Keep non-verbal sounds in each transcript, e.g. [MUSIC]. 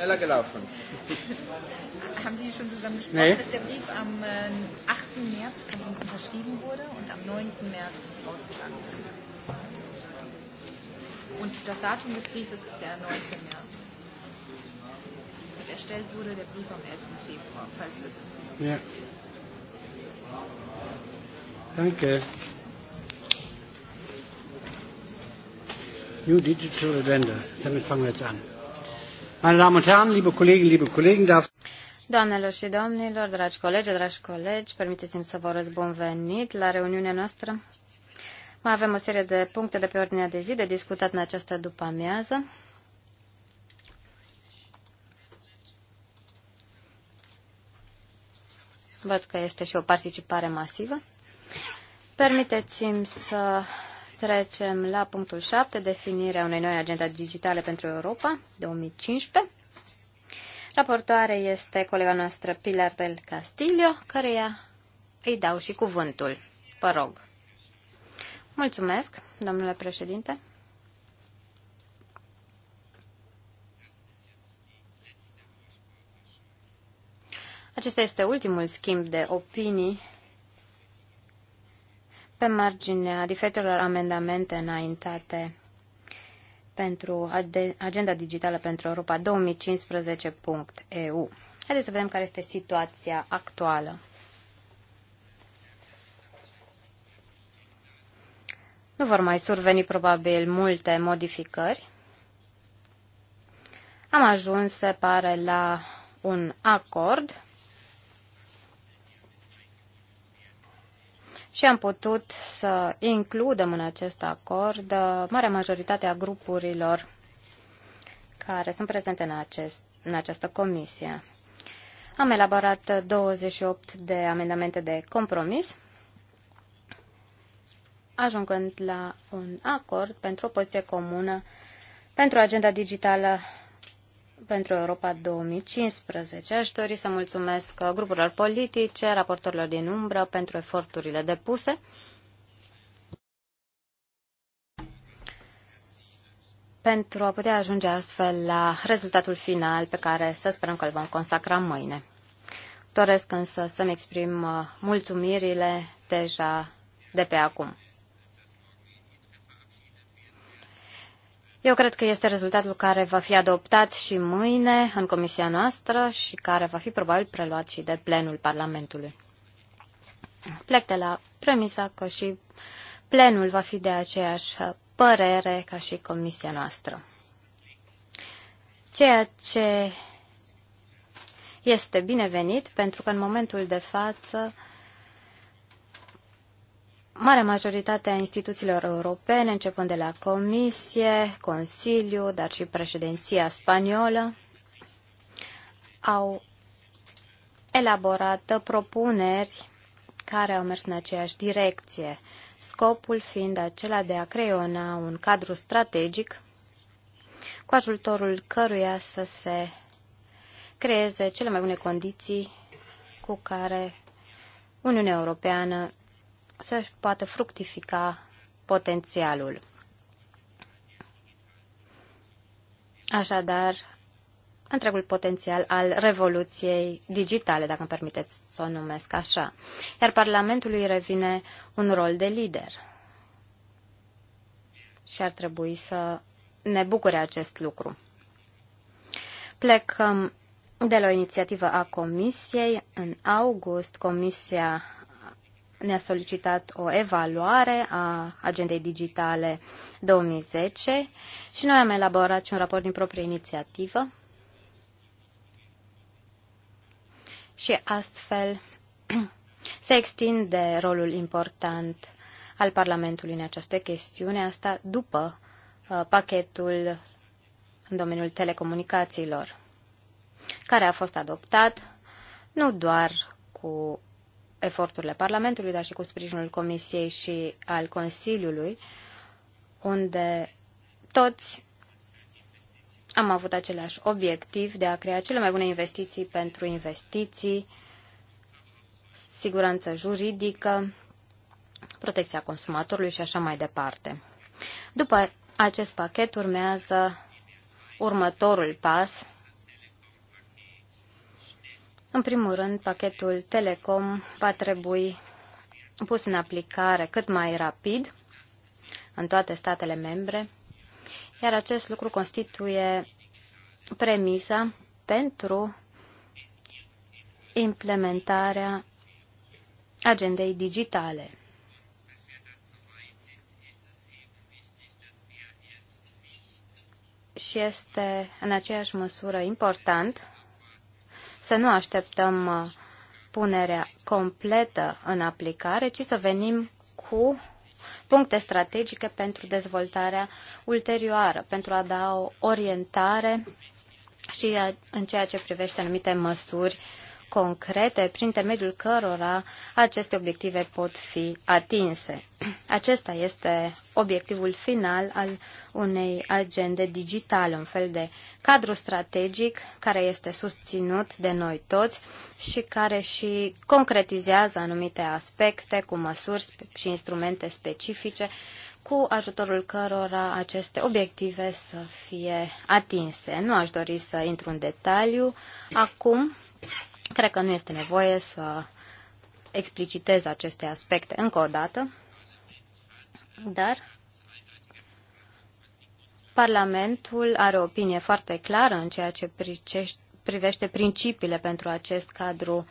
Schneller gelaufen. Haben Sie schon zusammen gesprochen, nee. dass der Brief am 8. Ähm, März von uns unterschrieben wurde und am 9. März rausgegangen ist? Und das Datum des Briefes ist der 9. März. Und erstellt wurde der Brief am 11. Februar, falls das ja. ist. Danke. New Digital Agenda. Damit fangen wir jetzt an. Doamnelor și domnilor, dragi colegi, dragi colegi, permiteți-mi să vă urez bun venit la reuniunea noastră. Mai avem o serie de puncte de pe ordinea de zi de discutat în această după-amiază. Văd că este și o participare masivă. Permiteți-mi să Trecem la punctul 7, definirea unei noi agenda digitale pentru Europa 2015. Raportoare este colega noastră Pilar del Castillo, care îi dau și cuvântul. Vă rog. Mulțumesc, domnule președinte. Acesta este ultimul schimb de opinii pe marginea diferitelor amendamente înaintate pentru Agenda Digitală pentru Europa 2015.eu. Haideți să vedem care este situația actuală. Nu vor mai surveni probabil multe modificări. Am ajuns, se pare, la un acord și am putut să includem în acest acord uh, marea majoritate a grupurilor care sunt prezente în, acest, în această comisie. Am elaborat 28 de amendamente de compromis, ajungând la un acord pentru o poziție comună pentru agenda digitală pentru Europa 2015. Aș dori să mulțumesc grupurilor politice, raportorilor din umbră pentru eforturile depuse. pentru a putea ajunge astfel la rezultatul final pe care să sperăm că îl vom consacra mâine. Doresc însă să-mi exprim mulțumirile deja de pe acum. Eu cred că este rezultatul care va fi adoptat și mâine în comisia noastră și care va fi probabil preluat și de plenul Parlamentului. Plec de la premisa că și plenul va fi de aceeași părere ca și comisia noastră. Ceea ce este binevenit pentru că în momentul de față Marea majoritate a instituțiilor europene, începând de la Comisie, Consiliu, dar și președinția spaniolă, au elaborat propuneri care au mers în aceeași direcție, scopul fiind acela de a creiona un cadru strategic cu ajutorul căruia să se creeze cele mai bune condiții cu care Uniunea Europeană să poată fructifica potențialul. Așadar, întregul potențial al revoluției digitale, dacă îmi permiteți să o numesc așa. Iar Parlamentului revine un rol de lider. Și ar trebui să ne bucure acest lucru. Plecăm de la o inițiativă a Comisiei. În august, Comisia ne-a solicitat o evaluare a agendei digitale 2010 și noi am elaborat și un raport din proprie inițiativă și astfel [CLEARS THROAT] se extinde rolul important al Parlamentului în această chestiune, asta după uh, pachetul în domeniul telecomunicațiilor, care a fost adoptat nu doar cu eforturile Parlamentului, dar și cu sprijinul Comisiei și al Consiliului, unde toți am avut același obiectiv de a crea cele mai bune investiții pentru investiții, siguranță juridică, protecția consumatorului și așa mai departe. După acest pachet urmează următorul pas în primul rând, pachetul Telecom va trebui pus în aplicare cât mai rapid în toate statele membre, iar acest lucru constituie premisa pentru implementarea agendei digitale. Și este în aceeași măsură important să nu așteptăm uh, punerea completă în aplicare, ci să venim cu puncte strategice pentru dezvoltarea ulterioară, pentru a da o orientare și în ceea ce privește anumite măsuri concrete prin intermediul cărora aceste obiective pot fi atinse. Acesta este obiectivul final al unei agende digitale, un fel de cadru strategic care este susținut de noi toți și care și concretizează anumite aspecte cu măsuri și instrumente specifice cu ajutorul cărora aceste obiective să fie atinse. Nu aș dori să intru în detaliu acum, Cred că nu este nevoie să explicitez aceste aspecte încă o dată, dar Parlamentul are o opinie foarte clară în ceea ce privește principiile pentru acest cadru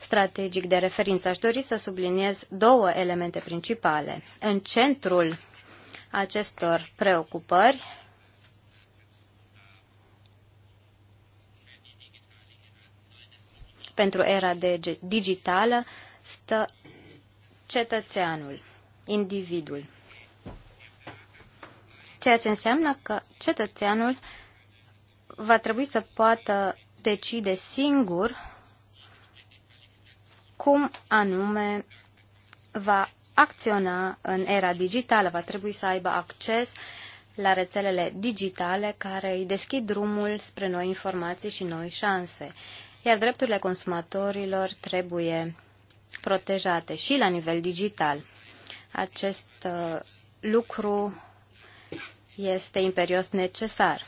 strategic de referință. Aș dori să subliniez două elemente principale. În centrul acestor preocupări pentru era digitală stă cetățeanul, individul. Ceea ce înseamnă că cetățeanul va trebui să poată decide singur cum anume va acționa în era digitală, va trebui să aibă acces la rețelele digitale care îi deschid drumul spre noi informații și noi șanse iar drepturile consumatorilor trebuie protejate și la nivel digital. Acest uh, lucru este imperios necesar.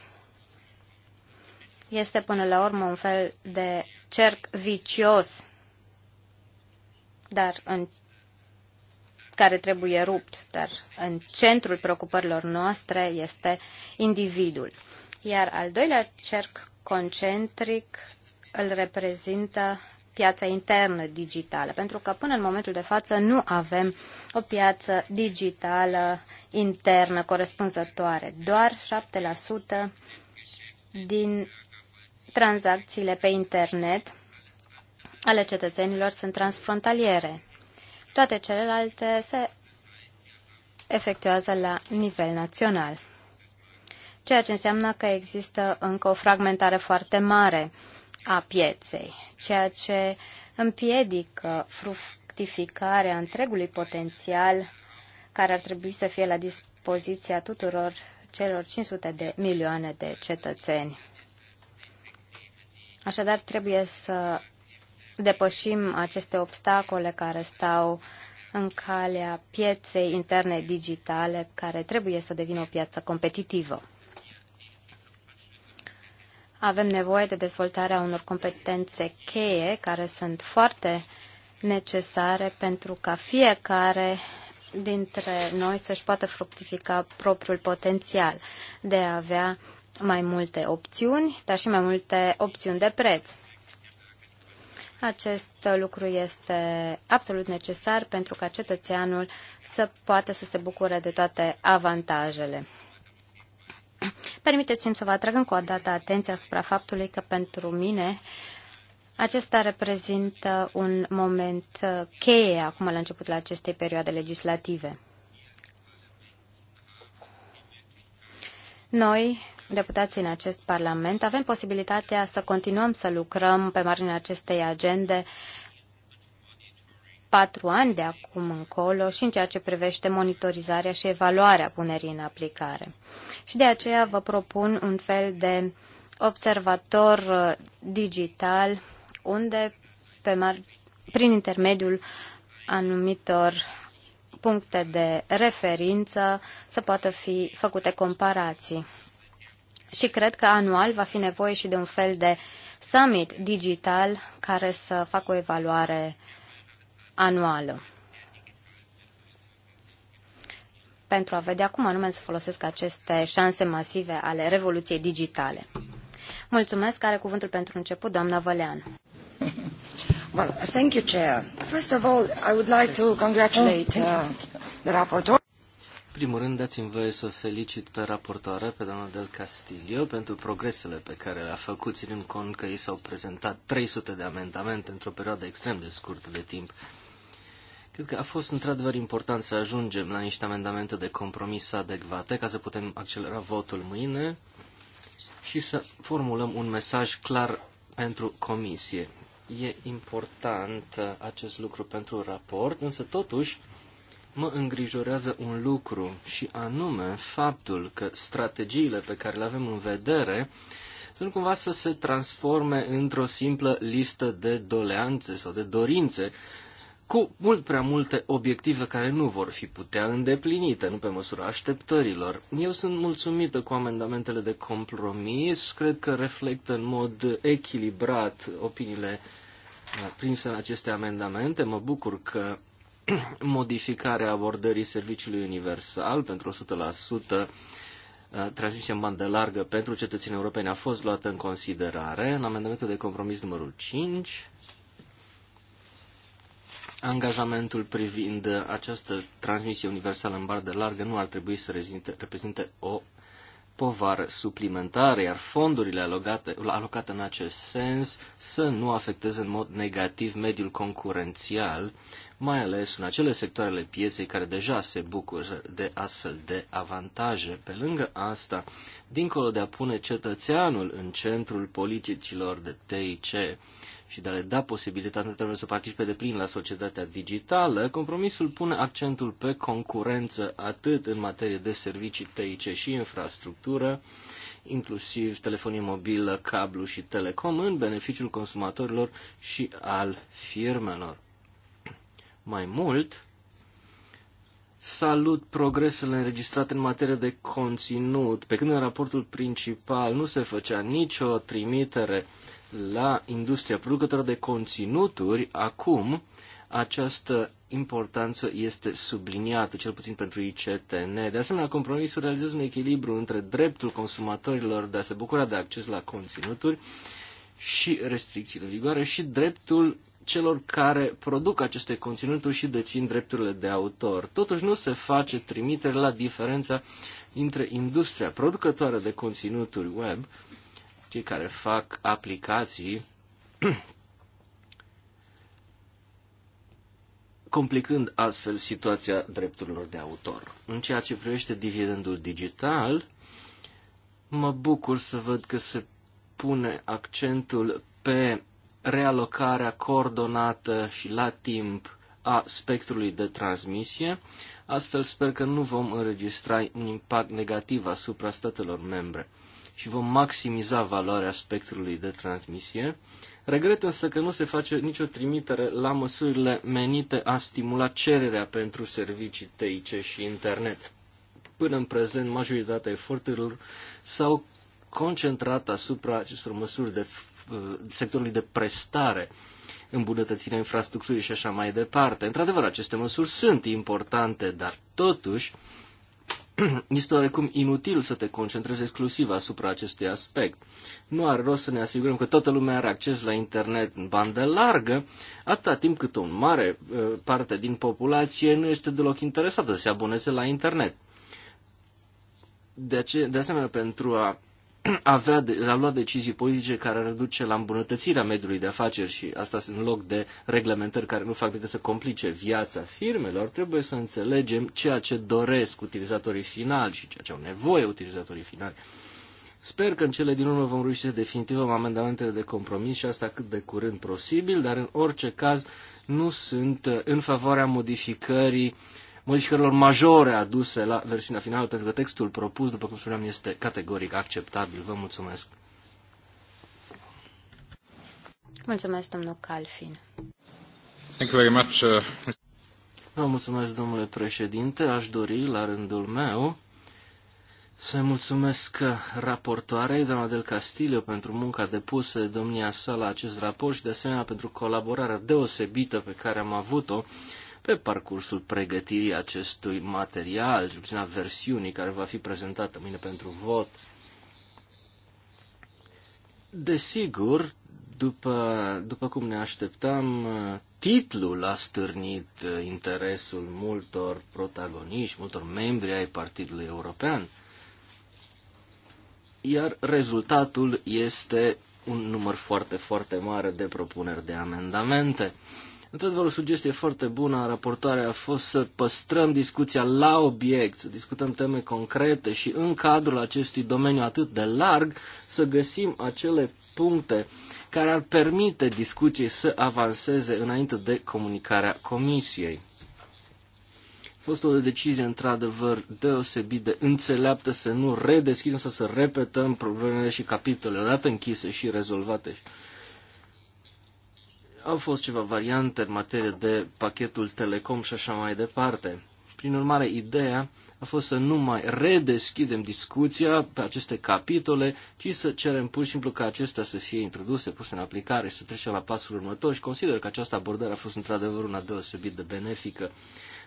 Este până la urmă un fel de cerc vicios, dar în care trebuie rupt, dar în centrul preocupărilor noastre este individul. Iar al doilea cerc concentric îl reprezintă piața internă digitală, pentru că până în momentul de față nu avem o piață digitală internă corespunzătoare. Doar 7% din tranzacțiile pe internet ale cetățenilor sunt transfrontaliere. Toate celelalte se efectuează la nivel național, ceea ce înseamnă că există încă o fragmentare foarte mare a pieței, ceea ce împiedică fructificarea întregului potențial care ar trebui să fie la dispoziția tuturor celor 500 de milioane de cetățeni. Așadar, trebuie să depășim aceste obstacole care stau în calea pieței interne digitale, care trebuie să devină o piață competitivă avem nevoie de dezvoltarea unor competențe cheie care sunt foarte necesare pentru ca fiecare dintre noi să-și poată fructifica propriul potențial de a avea mai multe opțiuni, dar și mai multe opțiuni de preț. Acest lucru este absolut necesar pentru ca cetățeanul să poată să se bucure de toate avantajele. Permiteți-mi să vă atrag încă o dată atenția asupra faptului că pentru mine acesta reprezintă un moment uh, cheie acum la începutul acestei perioade legislative. Noi, deputații în acest Parlament, avem posibilitatea să continuăm să lucrăm pe marginea acestei agende patru ani de acum încolo și în ceea ce privește monitorizarea și evaluarea punerii în aplicare. Și de aceea vă propun un fel de observator uh, digital unde pe mar- prin intermediul anumitor puncte de referință să poată fi făcute comparații. Și cred că anual va fi nevoie și de un fel de summit digital care să facă o evaluare uh, anuală pentru a vedea cum anume să folosesc aceste șanse masive ale revoluției digitale. Mulțumesc, are cuvântul pentru început doamna Vălean. Well, thank you, Chair. First of all, I would like to congratulate uh, the rapporteur. Primul rând, dați-mi voie să felicit pe raportoare, pe doamna Del Castillo, pentru progresele pe care le-a făcut, ținând cont că ei s-au prezentat 300 de amendamente într-o perioadă extrem de scurtă de timp. Cred că a fost într-adevăr important să ajungem la niște amendamente de compromis adecvate ca să putem accelera votul mâine și să formulăm un mesaj clar pentru comisie. E important uh, acest lucru pentru raport, însă totuși mă îngrijorează un lucru și anume faptul că strategiile pe care le avem în vedere sunt cumva să se transforme într-o simplă listă de doleanțe sau de dorințe cu mult prea multe obiective care nu vor fi putea îndeplinite, nu pe măsura așteptărilor. Eu sunt mulțumită cu amendamentele de compromis, cred că reflectă în mod echilibrat opiniile uh, prinse în aceste amendamente. Mă bucur că [CLEARS THROAT] modificarea abordării serviciului universal pentru 100% uh, transmisie în bandă largă pentru cetățenii europeni a fost luată în considerare în amendamentul de compromis numărul 5 angajamentul privind această transmisie universală în bandă largă nu ar trebui să rezinte, reprezinte o povară suplimentară, iar fondurile alocate, alocate în acest sens să nu afecteze în mod negativ mediul concurențial, mai ales în acele sectoare ale pieței care deja se bucură de astfel de avantaje. Pe lângă asta, dincolo de a pune cetățeanul în centrul politicilor de TIC, și de a le da posibilitatea tinerilor să participe de plin la societatea digitală, compromisul pune accentul pe concurență atât în materie de servicii TIC și infrastructură, inclusiv telefonie mobilă, cablu și telecom, în beneficiul consumatorilor și al firmelor. Mai mult, salut progresele înregistrate în materie de conținut, pe când în raportul principal nu se făcea nicio trimitere la industria producătoare de conținuturi, acum această importanță este subliniată, cel puțin pentru ICTN. De asemenea, compromisul realizează un echilibru între dreptul consumatorilor de a se bucura de acces la conținuturi și restricțiile vigoare și dreptul celor care produc aceste conținuturi și dețin drepturile de autor. Totuși nu se face trimitere la diferența între industria producătoare de conținuturi web cei care fac aplicații [CLEARS THROAT] complicând astfel situația drepturilor de autor. În ceea ce privește dividendul digital, mă bucur să văd că se pune accentul pe realocarea coordonată și la timp a spectrului de transmisie. Astfel sper că nu vom înregistra un impact negativ asupra statelor membre și vom maximiza valoarea spectrului de transmisie. Regret însă că nu se face nicio trimitere la măsurile menite a stimula cererea pentru servicii TIC și internet. Până în prezent, majoritatea eforturilor s-au concentrat asupra acestor măsuri de uh, sectorului de prestare, îmbunătățirea infrastructurii și așa mai departe. Într-adevăr, aceste măsuri sunt importante, dar totuși [CLEARS THROAT] este oarecum inutil să te concentrezi exclusiv asupra acestui aspect. Nu are rost să ne asigurăm că toată lumea are acces la internet în bandă largă, atâta timp cât o mare uh, parte din populație nu este deloc interesată să se aboneze la internet. De, ace- de asemenea, pentru a avea de, a luat decizii politice care ar duce la îmbunătățirea mediului de afaceri și asta în loc de reglementări care nu fac decât să complice viața firmelor, trebuie să înțelegem ceea ce doresc utilizatorii finali și ceea ce au nevoie utilizatorii finali. Sper că în cele din urmă vom reuși să definitivăm amendamentele de compromis și asta cât de curând posibil, dar în orice caz nu sunt uh, în favoarea modificării modificărilor majore aduse la versiunea finală, pentru că textul propus, după cum spuneam, este categoric acceptabil. Vă mulțumesc! Mulțumesc, domnul Calfin. Thank you very much. Uh, Vă mulțumesc, domnule președinte. Aș dori, la rândul meu, să mulțumesc raportoarei, doamna Del Castillo, pentru munca depusă de domnia sa la acest raport și, de asemenea, pentru colaborarea deosebită pe care am avut-o pe parcursul pregătirii acestui material, cel versiunii care va fi prezentată mâine pentru vot. Desigur, după, după cum ne așteptam, titlul a stârnit interesul multor protagoniști, multor membri ai Partidului European, iar rezultatul este un număr foarte, foarte mare de propuneri de amendamente. Într-adevăr, o sugestie foarte bună a raportoarei a fost să păstrăm discuția la obiect, să discutăm teme concrete și în cadrul acestui domeniu atât de larg să găsim acele puncte care ar permite discuției să avanseze înainte de comunicarea comisiei. A fost o decizie, într-adevăr, deosebit de înțeleaptă să nu redeschidem sau să repetăm problemele și capitolele odată închise și rezolvate au fost ceva variante în materie de pachetul Telecom și așa mai departe. Prin urmare, ideea a fost să nu mai redeschidem discuția pe aceste capitole, ci să cerem pur și simplu ca acestea să fie introduse, puse în aplicare și să trecem la pasul următor și consider că această abordare a fost într-adevăr una deosebit de benefică.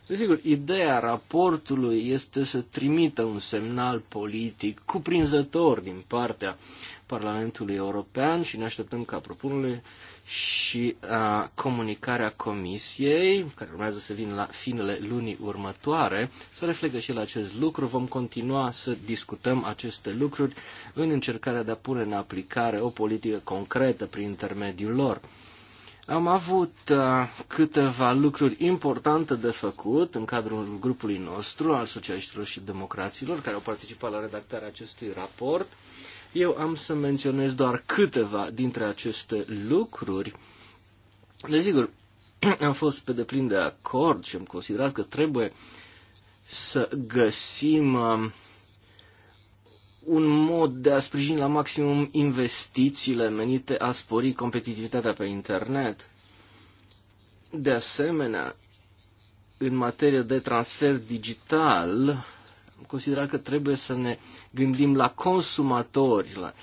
Desigur, ideea raportului este să trimită un semnal politic cuprinzător din partea Parlamentului European și ne așteptăm ca propunerile și a, comunicarea Comisiei, care urmează să vină la finele lunii următoare, să reflectă și la acest lucru. Vom continua să discutăm aceste lucruri în încercarea de a pune în aplicare o politică concretă prin intermediul lor. Am avut câteva lucruri importante de făcut în cadrul grupului nostru al socialiștilor și democraților care au participat la redactarea acestui raport. Eu am să menționez doar câteva dintre aceste lucruri. Desigur, [CLEARS THROAT] am fost pe deplin de acord și am considerat că trebuie să găsim um, un mod de a sprijini la maximum investițiile menite a spori competitivitatea pe internet. De asemenea, în materie de transfer digital, considera că trebuie să ne gândim la consumatori, la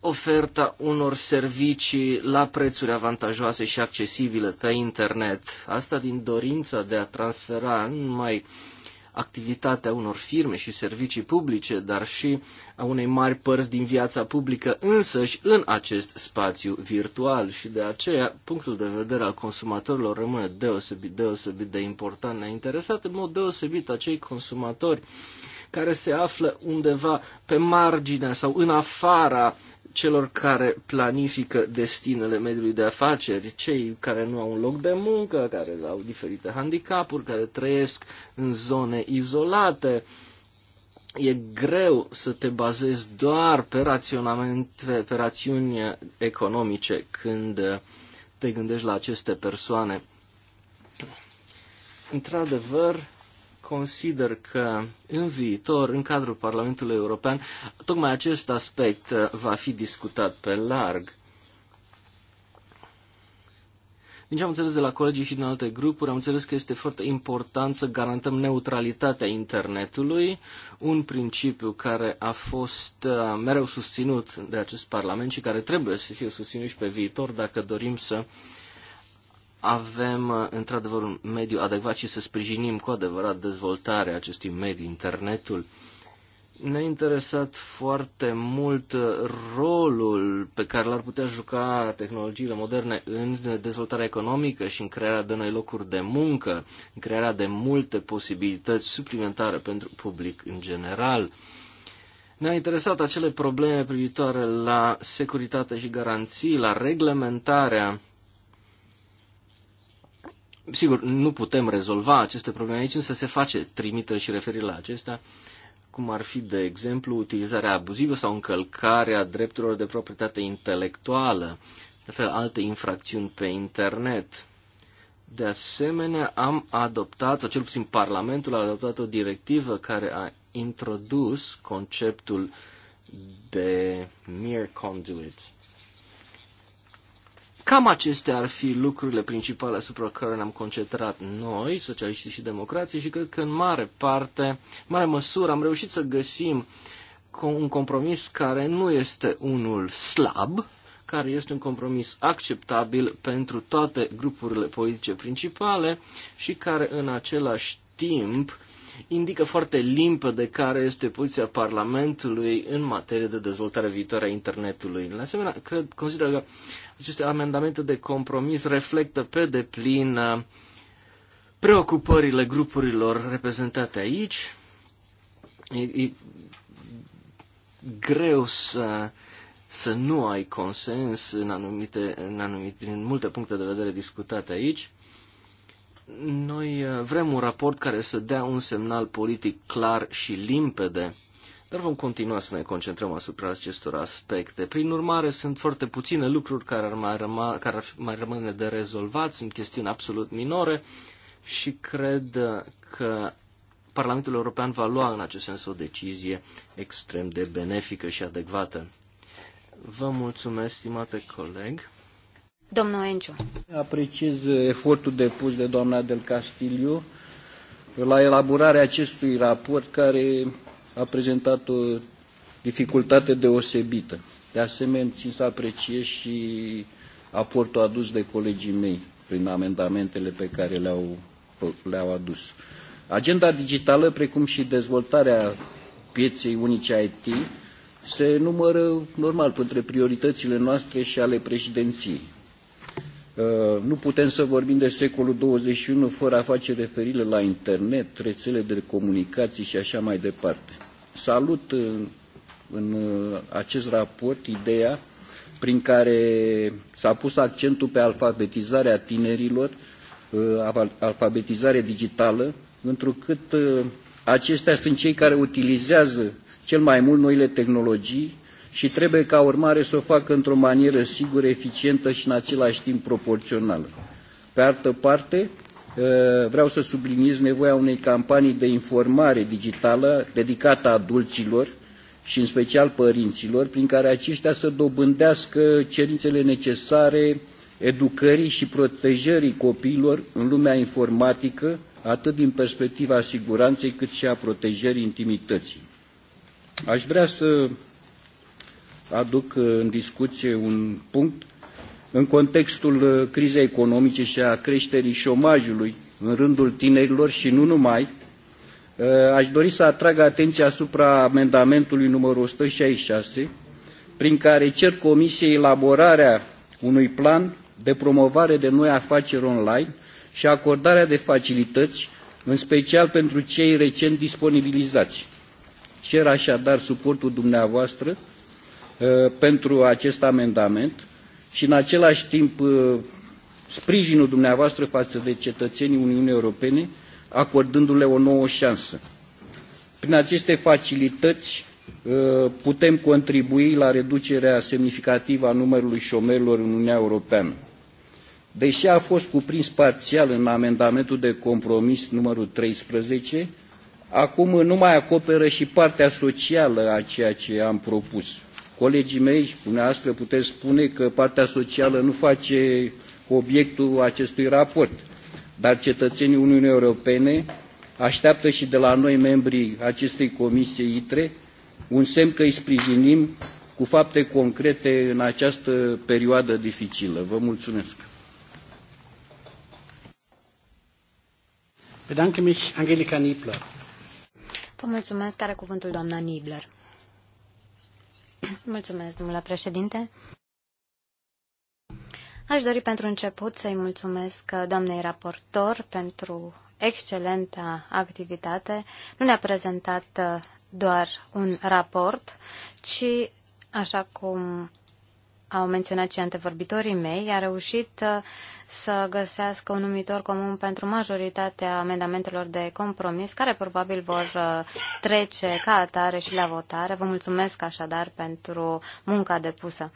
oferta unor servicii la prețuri avantajoase și accesibile pe internet. Asta din dorința de a transfera numai uh, activitatea unor firme și servicii publice, dar și a unei mari părți din viața publică însăși în acest spațiu virtual și de aceea punctul de vedere al consumatorilor rămâne deosebit, deosebit de important. Ne-a interesat în mod deosebit acei consumatori care se află undeva pe marginea sau în afara celor care planifică destinele mediului de afaceri, cei care nu au un loc de muncă, care au diferite handicapuri, care trăiesc în zone izolate. E greu să te bazezi doar pe, raționament, pe, pe rațiuni economice când te gândești la aceste persoane. Într-adevăr, consider că în viitor, în cadrul Parlamentului European, tocmai acest aspect uh, va fi discutat pe larg. Din ce am înțeles de la colegii și din alte grupuri, am înțeles că este foarte important să garantăm neutralitatea internetului, un principiu care a fost uh, mereu susținut de acest Parlament și care trebuie să fie susținut și pe viitor dacă dorim să avem uh, într-adevăr un mediu adecvat și să sprijinim cu adevărat dezvoltarea acestui mediu, internetul. Ne-a interesat foarte mult uh, rolul pe care l-ar putea juca tehnologiile moderne în dezvoltarea economică și în crearea de noi locuri de muncă, în crearea de multe posibilități suplimentare pentru public în general. Ne-a interesat acele probleme privitoare la securitate și garanții, la reglementarea Sigur, nu putem rezolva aceste probleme aici, însă se face trimitere și referire la acestea, cum ar fi, de exemplu, utilizarea abuzivă sau încălcarea drepturilor de proprietate intelectuală, de fel alte infracțiuni pe internet. De asemenea, am adoptat, sau cel puțin Parlamentul a adoptat o directivă care a introdus conceptul de mere conduit. Cam acestea ar fi lucrurile principale asupra care ne-am concentrat noi, socialiștii și democrații, și cred că în mare parte, în mare măsură, am reușit să găsim un compromis care nu este unul slab, care este un compromis acceptabil pentru toate grupurile politice principale și care în același timp uh, indică foarte limpede care este poziția Parlamentului în materie de dezvoltare viitoare a internetului. La asemenea, cred, consider că aceste amendamente de compromis reflectă pe deplin uh, preocupările grupurilor reprezentate aici. E, e greu să să nu ai consens în anumite, în anumite, în multe puncte de vedere discutate aici. Noi eh, vrem un raport care să dea un semnal politic clar și limpede, dar vom continua să ne concentrăm asupra acestor aspecte. Prin urmare, sunt foarte puține lucruri care ar mai, răma, care ar mai rămâne de rezolvat, sunt chestiuni absolut minore și cred eh, că Parlamentul European va lua în acest sens o decizie extrem de benefică și adecvată. Vă mulțumesc, stimate coleg. Domnul Enciu. Apreciez efortul depus de doamna Del Castillo la elaborarea acestui raport care a prezentat o dificultate deosebită. De asemenea, țin să apreciez și aportul adus de colegii mei prin amendamentele pe care le-au le -au adus. Agenda digitală, precum și dezvoltarea pieței unice IT, se numără normal printre prioritățile noastre și ale președinției. Uh, nu putem să vorbim de secolul 21 fără a face referire la internet, rețele de comunicații și așa mai departe. Salut uh, în uh, acest raport ideea prin care s-a pus accentul pe alfabetizarea tinerilor, alfabetizare digitală, întrucât aceștia sunt cei care utilizează cel mai mult noile tehnologii și trebuie ca urmare să o facă într-o manieră sigură, eficientă și în același timp proporțională. Pe altă parte, ă, vreau să subliniez nevoia unei campanii de informare digitală dedicată adulților și în special părinților, prin care aceștia să dobândească cerințele necesare educării și protejării copiilor în lumea informatică, atât din perspectiva siguranței cât și a protejării intimității. Aș vrea să aduc uh, în discuție un punct în contextul uh, crizei economice și a creșterii șomajului în rândul tinerilor și nu numai, uh, aș dori să atrag atenția asupra amendamentului numărul 166, prin care cer Comisiei elaborarea unui plan de promovare de noi afaceri online și acordarea de facilități, în special pentru cei recent disponibilizați. Cer așadar suportul dumneavoastră Uh, pentru acest amendament și în același timp uh, sprijinul dumneavoastră față de cetățenii Uniunii Europene, acordându-le o nouă șansă. Prin aceste facilități uh, putem contribui la reducerea semnificativă a numărului șomerilor în Uniunea Europeană. Deși a fost cuprins parțial în amendamentul de compromis numărul 13, acum nu mai acoperă și partea socială a ceea ce am propus. Colegii mei, dumneavoastră, puteți spune că partea socială nu face obiectul acestui raport, dar cetățenii Uniunii Europene așteaptă și de la noi, membrii acestei comisii ITRE, un semn că îi sprijinim cu fapte concrete în această perioadă dificilă. Vă mulțumesc! Bedanke mich, Angelica Vă mulțumesc, are cuvântul doamna Nibler. Mulțumesc, domnule președinte. Aș dori pentru început să-i mulțumesc doamnei raportor pentru excelenta activitate. Nu ne-a prezentat doar un raport, ci, așa cum au menționat și antevorbitorii mei, a reușit uh, să găsească un numitor comun pentru majoritatea amendamentelor de compromis, care probabil vor uh, trece ca atare și la votare. Vă mulțumesc așadar pentru munca depusă.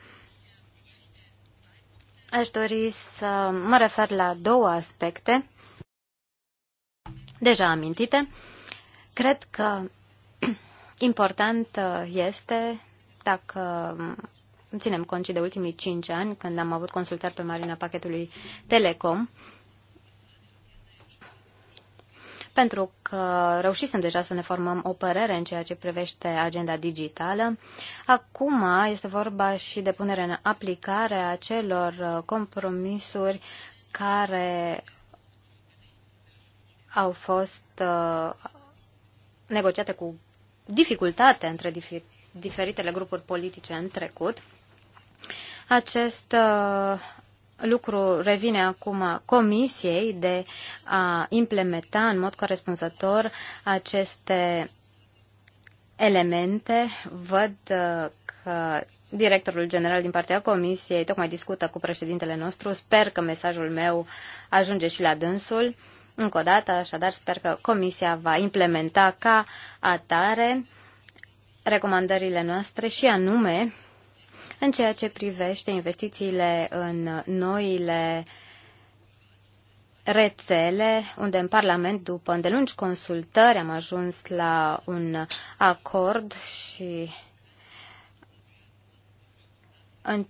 Aș dori să mă refer la două aspecte deja amintite. Cred că [CLEARS THROAT] important uh, este dacă ținem cont și de ultimii cinci ani, când am avut consultări pe marina pachetului Telecom, pentru că reușisem deja să ne formăm o părere în ceea ce privește agenda digitală. Acum este vorba și de punerea în aplicare a celor compromisuri care au fost uh, negociate cu dificultate între diferitele grupuri politice în trecut. Acest uh, lucru revine acum Comisiei de a implementa în mod corespunzător aceste elemente. Văd uh, că directorul general din partea Comisiei tocmai discută cu președintele nostru. Sper că mesajul meu ajunge și la dânsul. Încă o dată, așadar, sper că Comisia va implementa ca atare recomandările noastre și anume în ceea ce privește investițiile în noile rețele, unde în Parlament, după îndelungi consultări, am ajuns la un acord și în,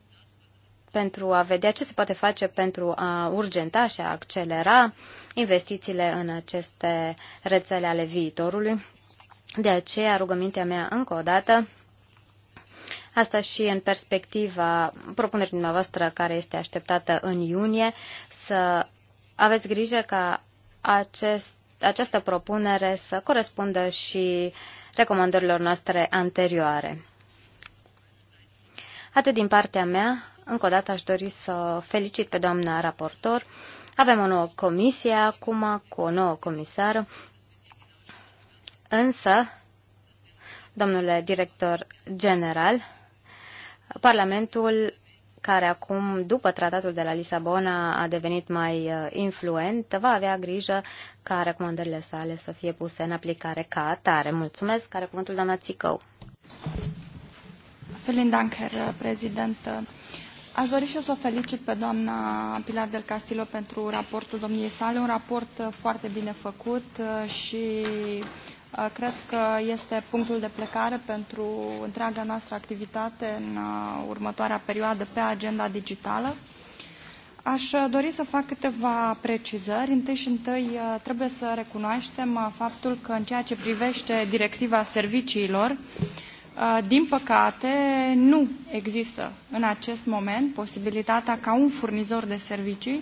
pentru a vedea ce se poate face pentru a urgenta și a accelera investițiile în aceste rețele ale viitorului. De aceea, rugămintea mea încă o dată Asta și în perspectiva propunerii dumneavoastră care este așteptată în iunie, să aveți grijă ca acest, această propunere să corespundă și recomandărilor noastre anterioare. Atât din partea mea, încă o dată aș dori să felicit pe doamna raportor. Avem o nouă comisie acum cu o nouă comisară, însă, domnule director general, Parlamentul care acum, după tratatul de la Lisabona, a devenit mai uh, influent, va avea grijă ca recomandările sale să fie puse în aplicare ca atare. Mulțumesc. Care cuvântul doamna Țicău. Felin Danker, prezident. Aș dori și eu să o felicit pe doamna Pilar del Castillo pentru raportul domniei sale, un raport foarte bine făcut uh, și Cred că este punctul de plecare pentru întreaga noastră activitate în următoarea perioadă pe agenda digitală. Aș dori să fac câteva precizări. Întâi și întâi trebuie să recunoaștem faptul că în ceea ce privește directiva serviciilor, din păcate, nu există în acest moment posibilitatea ca un furnizor de servicii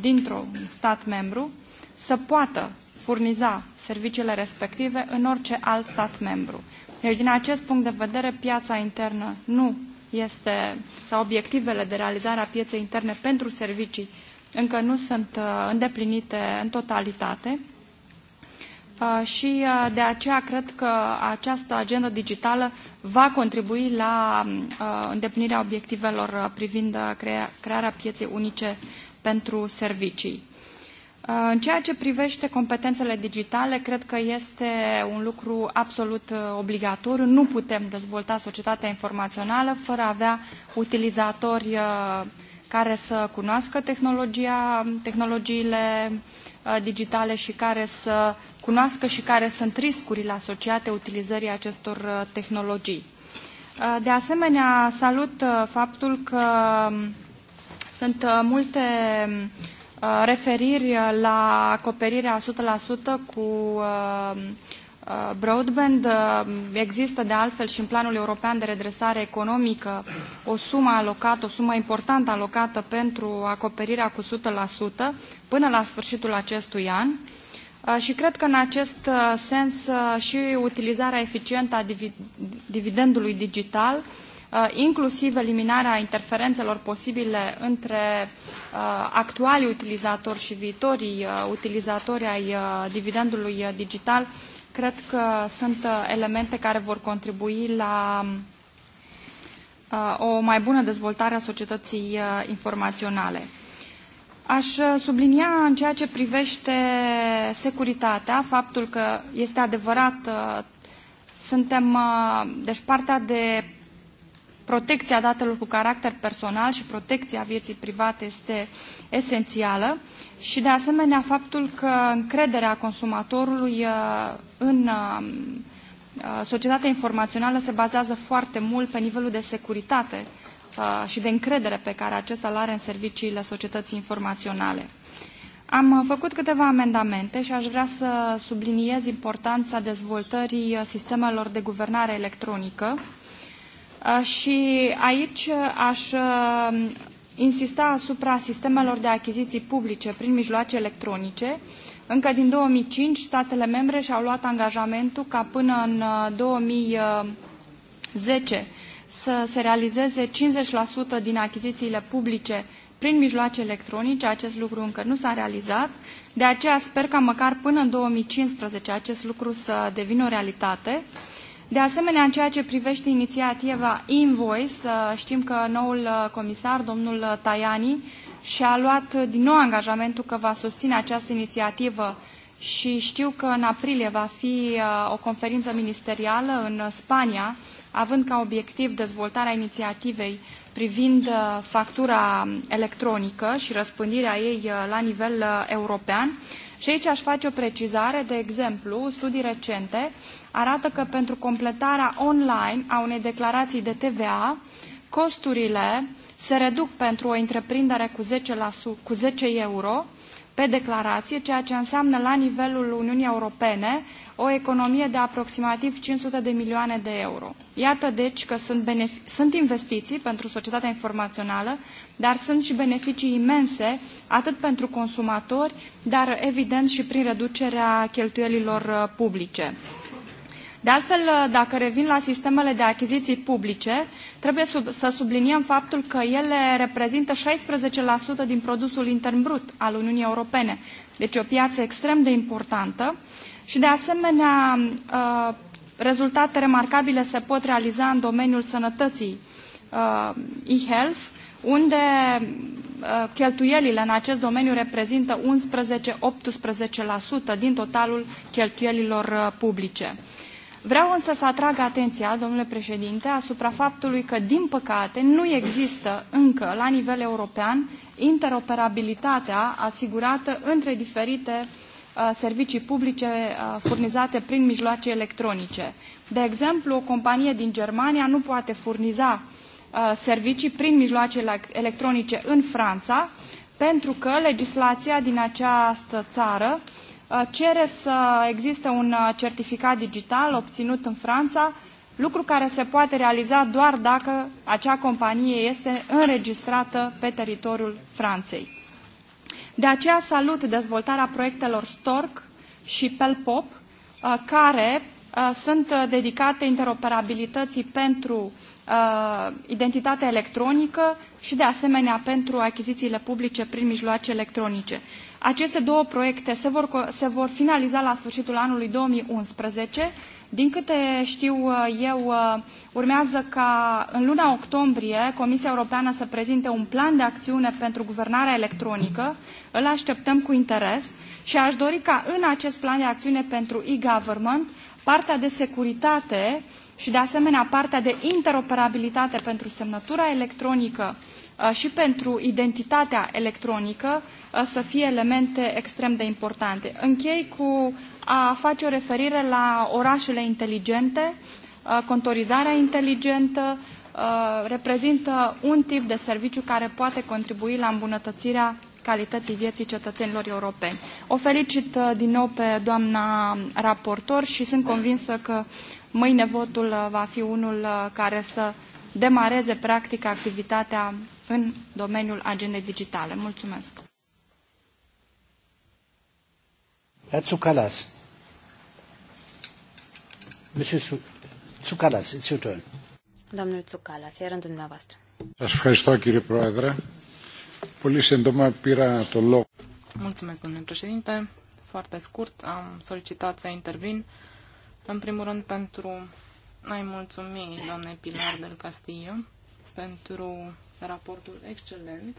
dintr-un stat membru să poată furniza serviciile respective în orice alt stat membru. Deci, din acest punct de vedere, piața internă nu este, sau obiectivele de realizare a pieței interne pentru servicii încă nu sunt uh, îndeplinite în totalitate uh, și uh, de aceea cred că această agendă digitală va contribui la îndeplinirea obiectivelor privind crearea pieței unice pentru servicii. Uh, în ceea ce privește competențele digitale, cred că este un lucru absolut uh, obligatoriu. Nu putem dezvolta societatea informațională fără a avea utilizatori uh, care să cunoască tehnologia, tehnologiile digitale și care să cunoască și care sunt riscurile asociate utilizării acestor tehnologii. De asemenea, salut faptul că um, sunt multe Uh, referiri la acoperirea 100% cu uh, uh, broadband. Există de altfel și în planul european de redresare economică o sumă alocată, o sumă importantă alocată pentru acoperirea cu 100% până la sfârșitul acestui an. Și cred că în acest sens și utilizarea eficientă a dividendului digital Uh, inclusiv eliminarea interferențelor posibile între uh, actualii utilizatori și viitorii uh, utilizatori ai dividendului digital, cred că sunt elemente care vor contribui la o mai bună dezvoltare a societății informaționale. Aș sublinia în ceea ce privește securitatea faptul că este adevărat, suntem, deci partea de protecția datelor cu caracter personal și protecția vieții private este esențială și de asemenea faptul că încrederea consumatorului uh, în um, uh, societatea informațională se bazează foarte mult pe nivelul de securitate uh, și de încredere pe care acesta îl are în serviciile societății informaționale. Am făcut câteva amendamente și aș vrea să subliniez importanța dezvoltării sistemelor de guvernare electronică, Uh, și aici aș uh, insista asupra sistemelor de achiziții publice prin mijloace electronice. Încă din 2005, statele membre și-au luat angajamentul ca până în 2010 uh, să se realizeze 50% din achizițiile publice prin mijloace electronice. Acest lucru încă nu s-a realizat. De aceea sper ca măcar până în 2015 acest lucru să devină o realitate. Uh, de asemenea, în ceea ce privește inițiativa Invoice, uh, știm că noul uh, comisar, domnul uh, Tajani, și-a luat din nou angajamentul că va susține această inițiativă și știu că în aprilie va fi o conferință ministerială în Spania, având ca obiectiv dezvoltarea inițiativei privind factura um, electronică și răspândirea ei la nivel european. Și aici aș face o precizare, de exemplu, studii recente arată că pentru completarea online a unei declarații de TVA, costurile se reduc pentru o întreprindere cu 10, la, cu 10 euro, pe declarație, ceea ce înseamnă la nivelul Uniunii Europene o economie de aproximativ 500 de milioane de euro. Iată deci că sunt, sunt investiții pentru societatea informațională, dar sunt și beneficii imense, atât pentru consumatori, dar evident și prin reducerea cheltuielilor uh, publice. De altfel, dacă revin la sistemele de achiziții publice, trebuie sub, să subliniem faptul că ele reprezintă 16% din produsul intern brut al Uniunii Europene, deci o piață extrem de importantă și, de asemenea, ă, rezultate remarcabile se pot realiza în domeniul sănătății ă, e-health, unde ă, cheltuielile în acest domeniu reprezintă 11-18% din totalul cheltuielilor publice. Vreau însă să atrag atenția, domnule președinte, asupra faptului că, din păcate, nu există încă, la nivel european, interoperabilitatea asigurată între diferite uh, servicii publice uh, furnizate prin mijloace electronice. De exemplu, o companie din Germania nu poate furniza uh, servicii prin mijloace electronice în Franța, pentru că legislația din această țară uh, Uh, cere să existe un uh, certificat digital obținut în Franța, lucru care se poate realiza doar dacă acea companie este înregistrată pe teritoriul Franței. De aceea salut dezvoltarea proiectelor STORC și PELPOP, uh, care sunt dedicate interoperabilității pentru identitatea electronică și, de asemenea, pentru achizițiile publice prin mijloace electronice. Aceste două proiecte se vor, se vor finaliza la sfârșitul anului 2011. Din câte știu uh, eu, uh, urmează ca în luna octombrie Comisia Europeană să prezinte un plan de acțiune pentru guvernarea electronică. Îl așteptăm cu interes și aș dori ca în acest plan de acțiune pentru e-government partea de securitate și de asemenea partea de interoperabilitate pentru semnătura electronică uh, și pentru identitatea electronică Uh, să fie elemente extrem de importante. Închei cu a face o referire la orașele inteligente, uh, contorizarea inteligentă, uh, reprezintă un tip de serviciu care poate contribui la îmbunătățirea calității vieții cetățenilor europeni. O felicit din nou pe doamna raportor și sunt convinsă că mâine votul va fi unul care să demareze practic activitatea în domeniul agendei digitale. Mulțumesc! Herr Tsoukalas. Monsieur Tsoukalas, it's your turn. Domnul Tsoukalas, iar în dumneavoastră. Aș ευχαριστώ κύριε Πρόεδρε. Πολύ σύντομα Mulțumesc, domnule președinte. Foarte scurt, am solicitat să intervin. În primul rând pentru a-i mulțumi doamnei Pilar del Castillo pentru raportul excelent.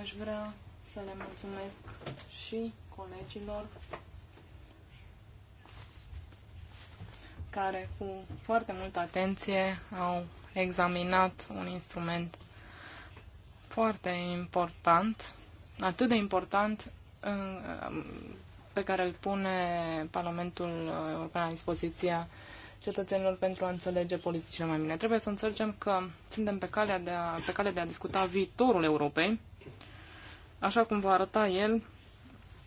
Aș vrea să le mulțumesc și colegilor care cu foarte multă atenție au examinat un instrument foarte important, atât de important pe care îl pune Parlamentul European la dispoziția cetățenilor pentru a înțelege politicile mai bine. Trebuie să înțelegem că suntem pe calea de a, pe calea de a discuta viitorul Europei, așa cum va arăta el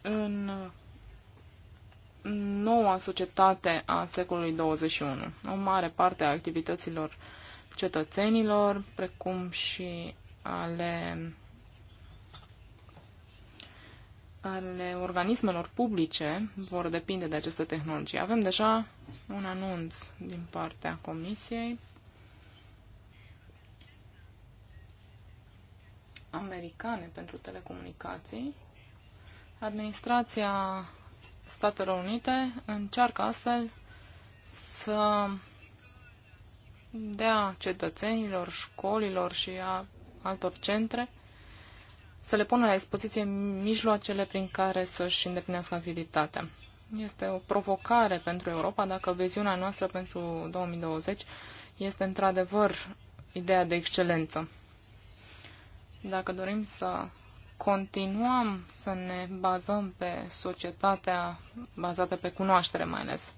în noua societate a secolului 21. O mare parte a activităților cetățenilor, precum și ale ale organismelor publice vor depinde de aceste tehnologii. Avem deja un anunț din partea Comisiei americane pentru telecomunicații Administrația Statelor Unite încearcă astfel să dea cetățenilor, școlilor și a altor centre să le pună la dispoziție mijloacele prin care să-și îndeplinească activitatea. Este o provocare pentru Europa dacă viziunea noastră pentru 2020 este într-adevăr ideea de excelență. Dacă dorim să continuăm să ne bazăm pe societatea bazată pe cunoaștere mai ales.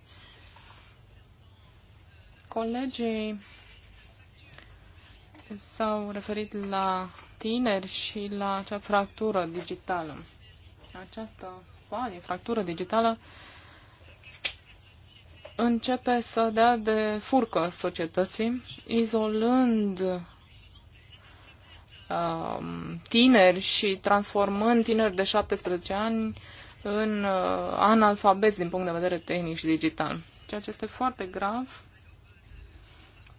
Colegii s-au referit la tineri și la acea fractură digitală. Această fanie, fractură digitală, începe să dea de furcă societății, izolând Um, tineri și transformând tineri de 17 ani în uh, analfabeti din punct de vedere tehnic și digital. Ceea ce este foarte grav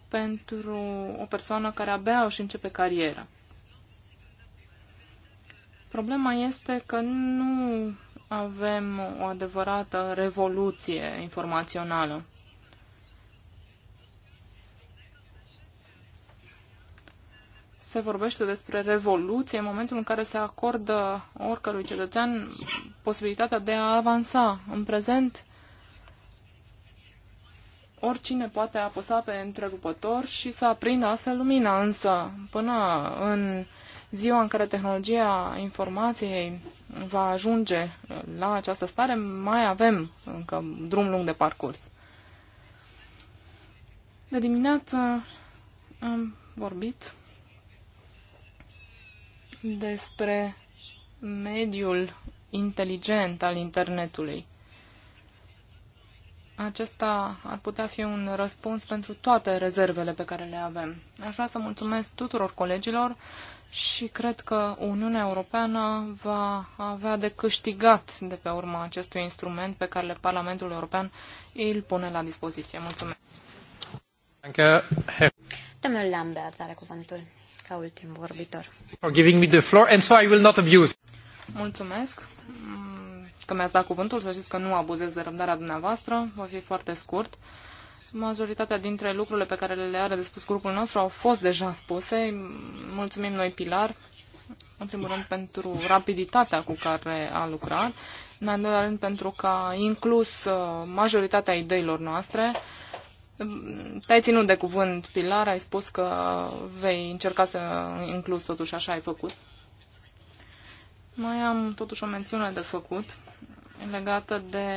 pentru o persoană care abia își începe cariera. Problema este că nu avem o adevărată revoluție informațională. se vorbește despre revoluție în momentul în care se acordă oricărui cetățean posibilitatea de a avansa. În prezent, oricine poate apăsa pe întrerupător și să aprindă astfel lumina, însă până în ziua în care tehnologia informației va ajunge la această stare, mai avem încă drum lung de parcurs. De dimineață am vorbit despre mediul inteligent al internetului. Acesta ar putea fi un răspuns pentru toate rezervele pe care le avem. Aș vrea să mulțumesc tuturor colegilor și cred că Uniunea Europeană va avea de câștigat de pe urma acestui instrument pe care Parlamentul European îl pune la dispoziție. Mulțumesc! Domnul Lambert are cuvântul ca ultim vorbitor. For giving me the floor and so I will not abuse. Mulțumesc mm, că mi-ați dat cuvântul, să știți că nu abuzez de răbdarea dumneavoastră, va fi foarte scurt. Majoritatea dintre lucrurile pe care le are de spus grupul nostru au fost deja spuse. Mulțumim noi, Pilar, în primul rând pentru rapiditatea cu care a lucrat, în al doilea rând pentru că a inclus uh, majoritatea ideilor noastre te-ai ținut de cuvânt, Pilar, ai spus că vei încerca să incluzi totuși așa ai făcut. Mai am totuși o mențiune de făcut legată de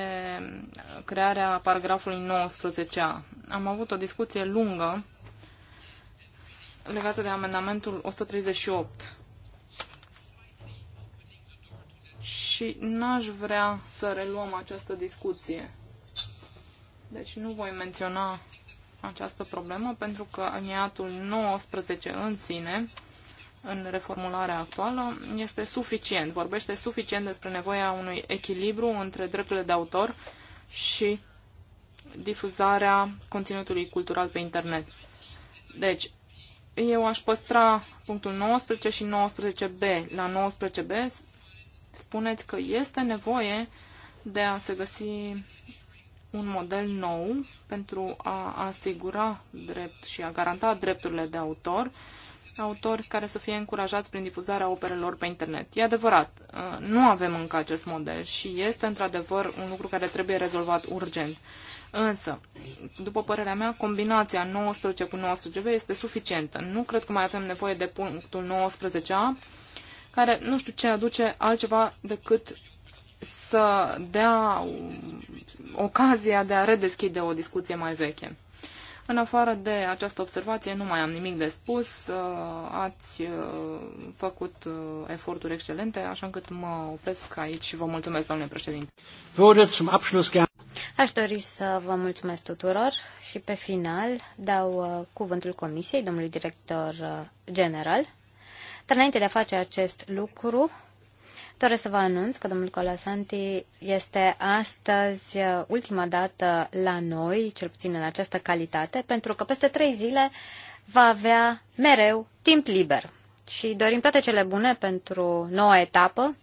crearea paragrafului 19a. Am avut o discuție lungă legată de amendamentul 138 și n-aș vrea să reluăm această discuție. Deci nu voi menționa această problemă pentru că aliniatul 19 în sine, în reformularea actuală, este suficient, vorbește suficient despre nevoia unui echilibru între drepturile de autor și difuzarea conținutului cultural pe internet. Deci, eu aș păstra punctul 19 și 19b. La 19b spuneți că este nevoie de a se găsi un model nou pentru a asigura drept și a garanta drepturile de autor, autori care să fie încurajați prin difuzarea operelor pe internet. E adevărat, uh, nu avem încă acest model și este într-adevăr un lucru care trebuie rezolvat urgent. Însă, după părerea mea, combinația 19 cu 19 este suficientă. Nu cred că mai avem nevoie de punctul 19a, care nu știu ce aduce altceva decât să dea ocazia de a redeschide o discuție mai veche. În afară de această observație, nu mai am nimic de spus. Uh, ați uh, făcut uh, eforturi excelente, așa încât mă opresc aici și vă mulțumesc, domnule președinte. Aș dori să vă mulțumesc tuturor și pe final dau cuvântul Comisiei, domnului director general. Dar înainte de a face acest lucru, Doresc să vă anunț că domnul Colasanti este astăzi uh, ultima dată la noi, cel puțin în această calitate, pentru că peste trei zile va avea mereu timp liber. Și dorim toate cele bune pentru noua etapă,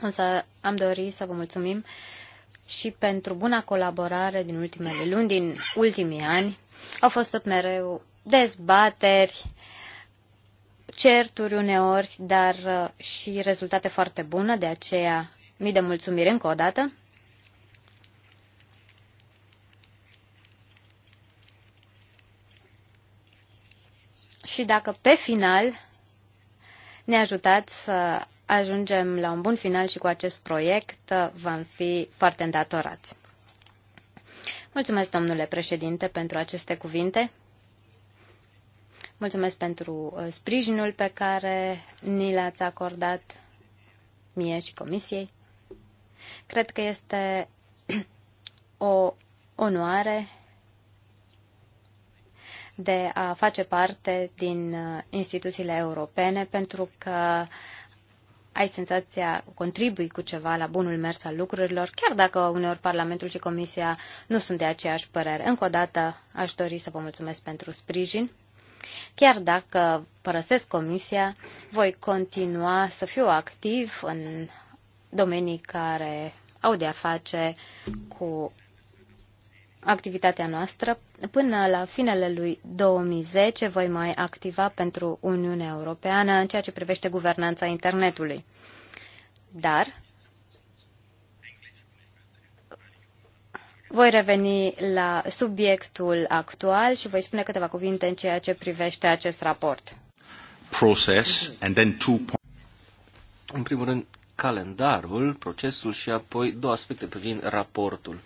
însă am dorit să vă mulțumim și pentru buna colaborare din ultimele luni, din ultimii ani. Au fost tot mereu dezbateri, certuri uneori, dar uh, și rezultate foarte bune, de aceea mii de mulțumiri încă o dată. Și dacă pe final ne ajutați să ajungem la un bun final și cu acest proiect, uh, vom fi foarte îndatorați. Mulțumesc, domnule președinte, pentru aceste cuvinte. Mulțumesc pentru uh, sprijinul pe care ni l-ați acordat mie și comisiei. Cred că este [CLEARS THROAT] o onoare de a face parte din uh, instituțiile europene pentru că ai senzația, contribui cu ceva la bunul mers al lucrurilor, chiar dacă uneori Parlamentul și Comisia nu sunt de aceeași părere. Încă o dată aș dori să vă mulțumesc pentru sprijin Chiar dacă părăsesc comisia, voi continua să fiu activ în domenii care au de-a face cu activitatea noastră. Până la finele lui 2010 voi mai activa pentru Uniunea Europeană în ceea ce privește guvernanța internetului. Dar Voi reveni la subiectul actual și voi spune câteva cuvinte în ceea ce privește acest raport. Process and then two în primul rând, calendarul, procesul și apoi două aspecte privind raportul.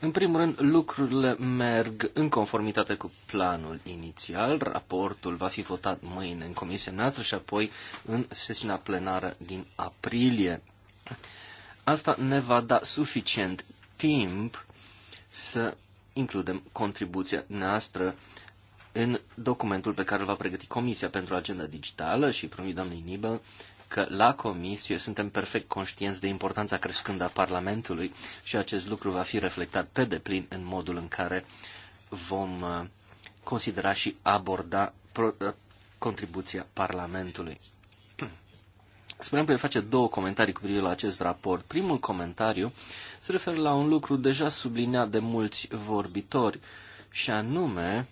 În primul rând, lucrurile merg în conformitate cu planul inițial. Raportul va fi votat mâine în comisia noastră și apoi în sesiunea plenară din aprilie. Asta ne va da suficient timp să includem contribuția noastră în documentul pe care îl va pregăti Comisia pentru Agenda Digitală și promit doamnei Nibel că la Comisie suntem perfect conștienți de importanța crescândă a Parlamentului și acest lucru va fi reflectat pe deplin în modul în care vom uh, considera și aborda uh, contribuția Parlamentului. Spuneam că îi face două comentarii cu privire la acest raport. Primul comentariu se referă la un lucru deja subliniat de mulți vorbitori, și anume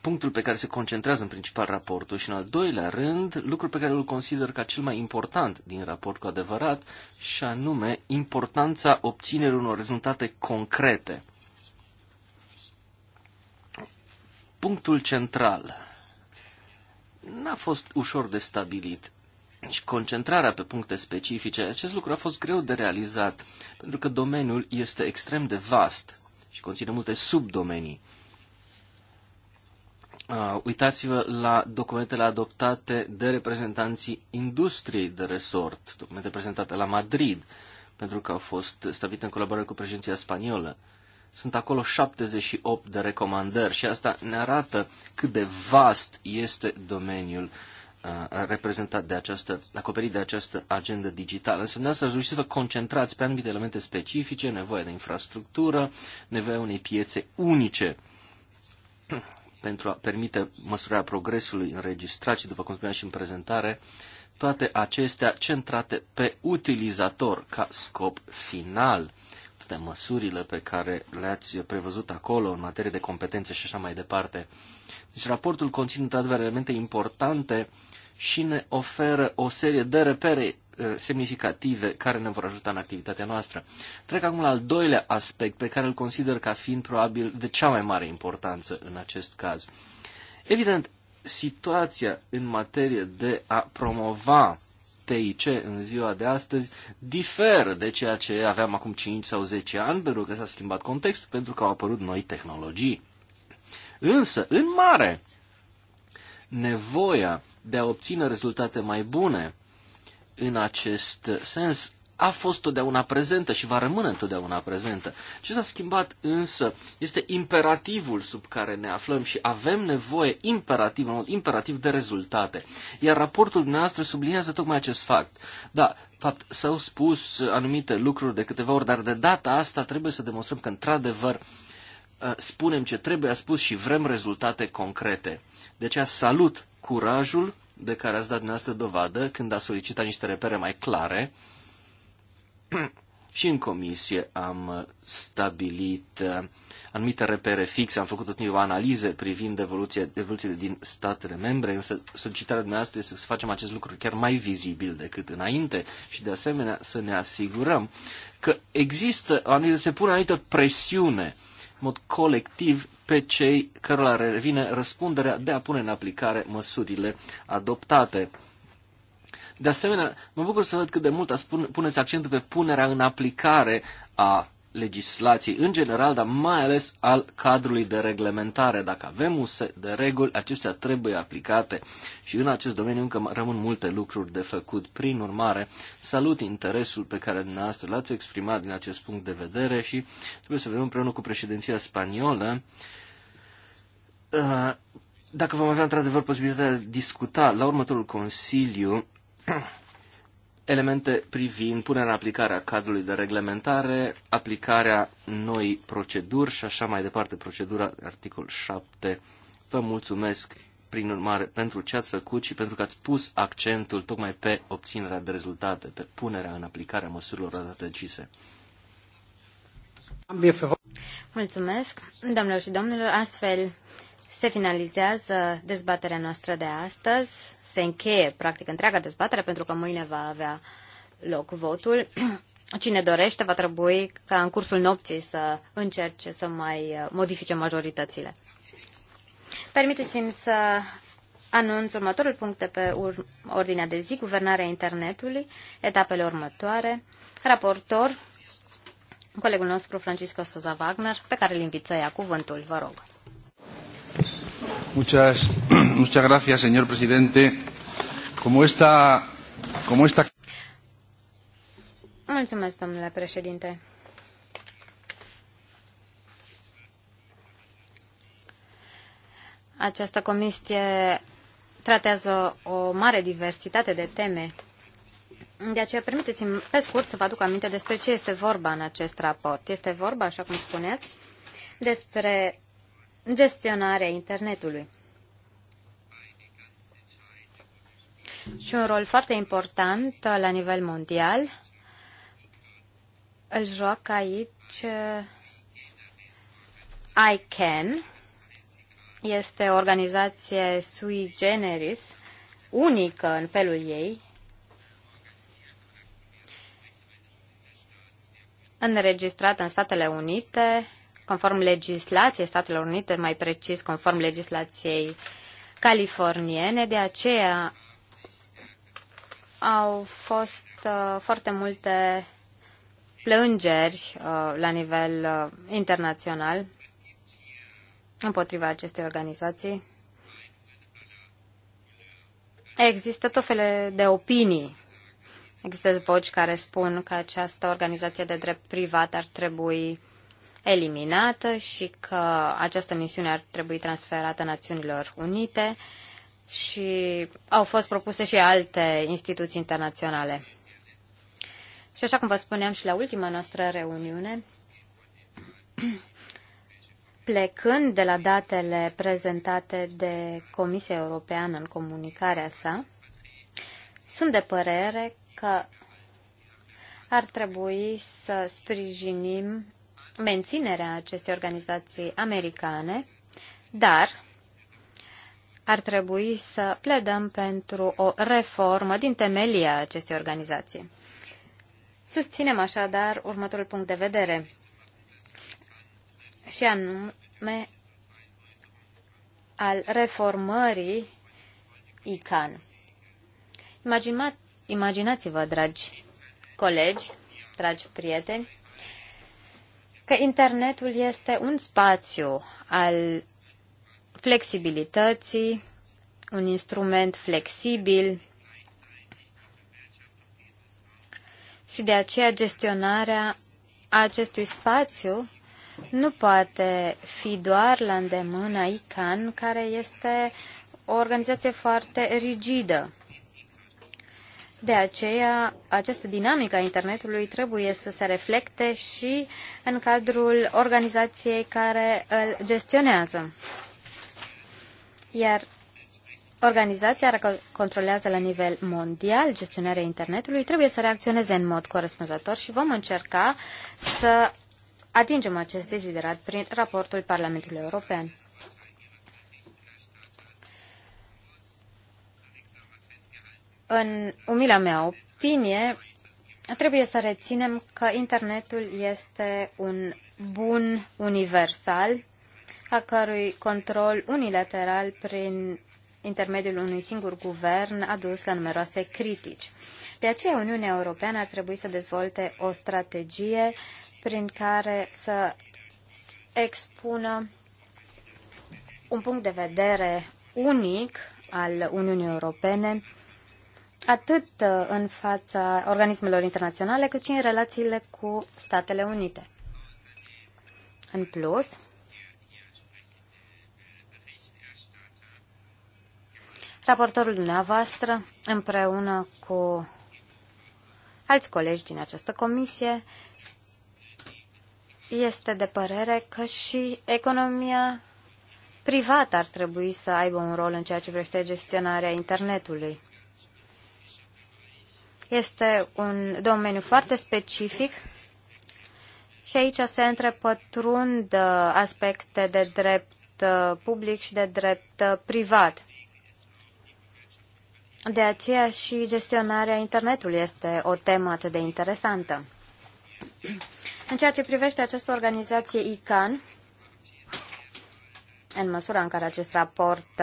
punctul pe care se concentrează în principal raportul și, în al doilea rând, lucrul pe care îl consider ca cel mai important din raport cu adevărat, și anume importanța obținerii unor rezultate concrete. Punctul central n-a fost ușor de stabilit. Și concentrarea pe puncte specifice, acest lucru a fost greu de realizat, pentru că domeniul este extrem de vast și conține multe subdomenii. Uh, uitați-vă la documentele adoptate de reprezentanții industriei de resort, documente prezentate la Madrid, pentru că au fost stabilite în colaborare cu președinția spaniolă. Uh, sunt acolo 78 de recomandări și asta ne arată cât de vast este domeniul uh, reprezentat de această, acoperit de această agendă digitală. Înseamnă asta reușiți să vă concentrați pe anumite elemente specifice, nevoie de infrastructură, nevoia unei piețe unice [CLEARS THROAT] pentru a permite măsurarea progresului înregistrat și, după cum spuneam și în prezentare, toate acestea centrate pe utilizator ca scop final pe măsurile pe care le-ați prevăzut acolo în materie de competențe și așa mai departe. Deci raportul conține într-adevăr elemente importante și ne oferă o serie de repere eh, semnificative care ne vor ajuta în activitatea noastră. Trec acum la al doilea aspect pe care îl consider ca fiind probabil de cea mai mare importanță în acest caz. Evident, situația în materie de a promova TIC în ziua de astăzi diferă de ceea ce aveam acum 5 sau 10 ani, pentru că s-a schimbat contextul, pentru că au apărut noi tehnologii. Însă, în mare, nevoia de a obține rezultate mai bune în acest sens a fost totdeauna prezentă și va rămâne întotdeauna prezentă. Ce s-a schimbat însă este imperativul sub care ne aflăm și avem nevoie imperativ, în mod imperativ de rezultate. Iar raportul dumneavoastră subliniază tocmai acest fapt. Da, fapt, s-au spus anumite lucruri de câteva ori, dar de data asta trebuie să demonstrăm că într-adevăr uh, spunem ce trebuie a spus și vrem rezultate concrete. De aceea salut curajul de care ați dat dumneavoastră dovadă când a solicitat niște repere mai clare, [CLEARS THROAT] și în comisie am stabilit uh, anumite repere fixe, am făcut tot timpul analize privind evoluția, evoluția din statele membre, însă solicitarea dumneavoastră este să facem acest lucru chiar mai vizibil decât înainte și de asemenea să ne asigurăm că există, anumite, se pune anumită presiune în mod colectiv pe cei cărora revine răspunderea de a pune în aplicare măsurile adoptate. De asemenea, mă bucur să văd cât de mult ați pun, puneți accentul pe punerea în aplicare a legislației în general, dar mai ales al cadrului de reglementare. Dacă avem un set de reguli, acestea trebuie aplicate și în acest domeniu încă rămân multe lucruri de făcut. Prin urmare, salut interesul pe care dumneavoastră l-ați exprimat din acest punct de vedere și trebuie să vedem împreună cu președinția spaniolă uh, dacă vom avea într-adevăr posibilitatea de a discuta la următorul Consiliu [CLEARS THROAT] elemente privind punerea în aplicare a cadrului de reglementare, aplicarea noi proceduri și așa mai departe, procedura articol 7. Vă mulțumesc prin urmare pentru ce ați făcut și pentru că ați pus accentul tocmai pe obținerea de rezultate, pe punerea în aplicare a măsurilor adate decise. Mulțumesc, domnilor și domnilor, astfel se finalizează dezbaterea noastră de astăzi se încheie practic întreaga dezbatere pentru că mâine va avea loc votul. [CLEARS THROAT] Cine dorește va trebui ca în cursul nopții să încerce să mai uh, modifice majoritățile. Permiteți-mi să anunț următorul punct de pe ordinea de zi, guvernarea internetului, etapele următoare, raportor, colegul nostru Francisco Sosa Wagner, pe care îl invit să ia cuvântul, vă rog. Muchas, [CLEARS THROAT] muchas gracias, señor presidente. Como esta, como esta... Mulțumesc, domnule președinte. Această comisie tratează o mare diversitate de teme. De aceea, permiteți-mi pe scurt să vă aduc aminte despre ce este vorba în acest raport. Este vorba, așa cum spuneți, despre gestionarea internetului. Și un rol foarte important la nivel mondial îl joacă aici uh, ICANN, este o organizație sui generis, unică în felul ei, înregistrată în Statele Unite, conform legislației Statelor Unite, mai precis conform legislației californiene, de aceea au fost uh, foarte multe plângeri uh, la nivel uh, internațional împotriva acestei organizații. Există tot felul de opinii. Există voci care spun că această organizație de drept privat ar trebui uh, eliminată și că această misiune ar trebui transferată Națiunilor Unite și au fost propuse și alte instituții internaționale. Și așa cum vă spuneam și la ultima noastră reuniune, [CLEARS THROAT] plecând de la datele prezentate de Comisia Europeană în comunicarea sa, sunt de părere că ar trebui să sprijinim menținerea acestei organizații americane, dar ar trebui să pledăm pentru o reformă din temelia acestei organizații. Susținem așadar următorul punct de vedere și anume al reformării ICAN. Imagina, imaginați-vă, dragi colegi, dragi prieteni, că internetul este un spațiu al flexibilității, un instrument flexibil și de aceea gestionarea acestui spațiu nu poate fi doar la îndemâna ICAN, care este o organizație foarte rigidă. De aceea, această dinamică a internetului trebuie să se reflecte și în cadrul organizației care îl gestionează. Iar organizația care controlează la nivel mondial gestionarea internetului trebuie să reacționeze în mod corespunzător și vom încerca să atingem acest deziderat prin raportul Parlamentului European. în umila mea opinie, trebuie să reținem că internetul este un bun universal a cărui control unilateral prin intermediul unui singur guvern a dus la numeroase critici. De aceea, Uniunea Europeană ar trebui să dezvolte o strategie prin care să expună un punct de vedere unic al Uniunii Europene atât uh, în fața organismelor internaționale, cât și în relațiile cu Statele Unite. În plus, raportorul dumneavoastră, împreună cu alți colegi din această comisie, este de părere că și economia privată ar trebui să aibă un rol în ceea ce privește gestionarea internetului. Este un domeniu foarte specific și aici se întrepătrund uh, aspecte de drept uh, public și de drept uh, privat. De aceea și gestionarea internetului este o temă atât de interesantă. În ceea ce privește această organizație ICAN, în măsura în care acest raport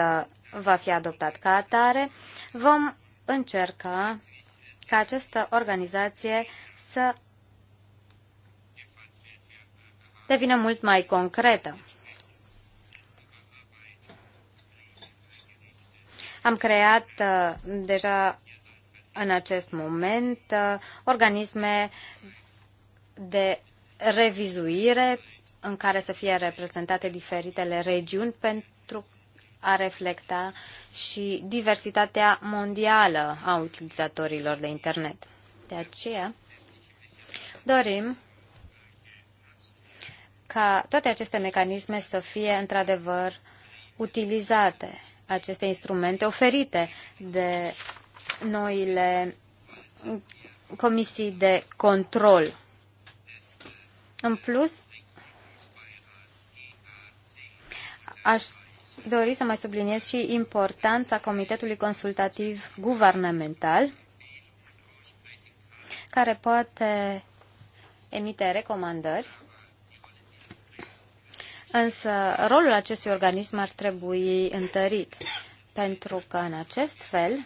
va fi adoptat ca atare, vom încerca ca această organizație să devină mult mai concretă. Am creat uh, deja în acest moment uh, organisme de revizuire în care să fie reprezentate diferitele regiuni pentru a reflecta și diversitatea mondială a utilizatorilor de internet. De aceea, dorim ca toate aceste mecanisme să fie într-adevăr utilizate, aceste instrumente oferite de noile comisii de control. În plus, aș dori să mai subliniez și importanța Comitetului Consultativ Guvernamental, care poate emite recomandări, însă rolul acestui organism ar trebui întărit, pentru că în acest fel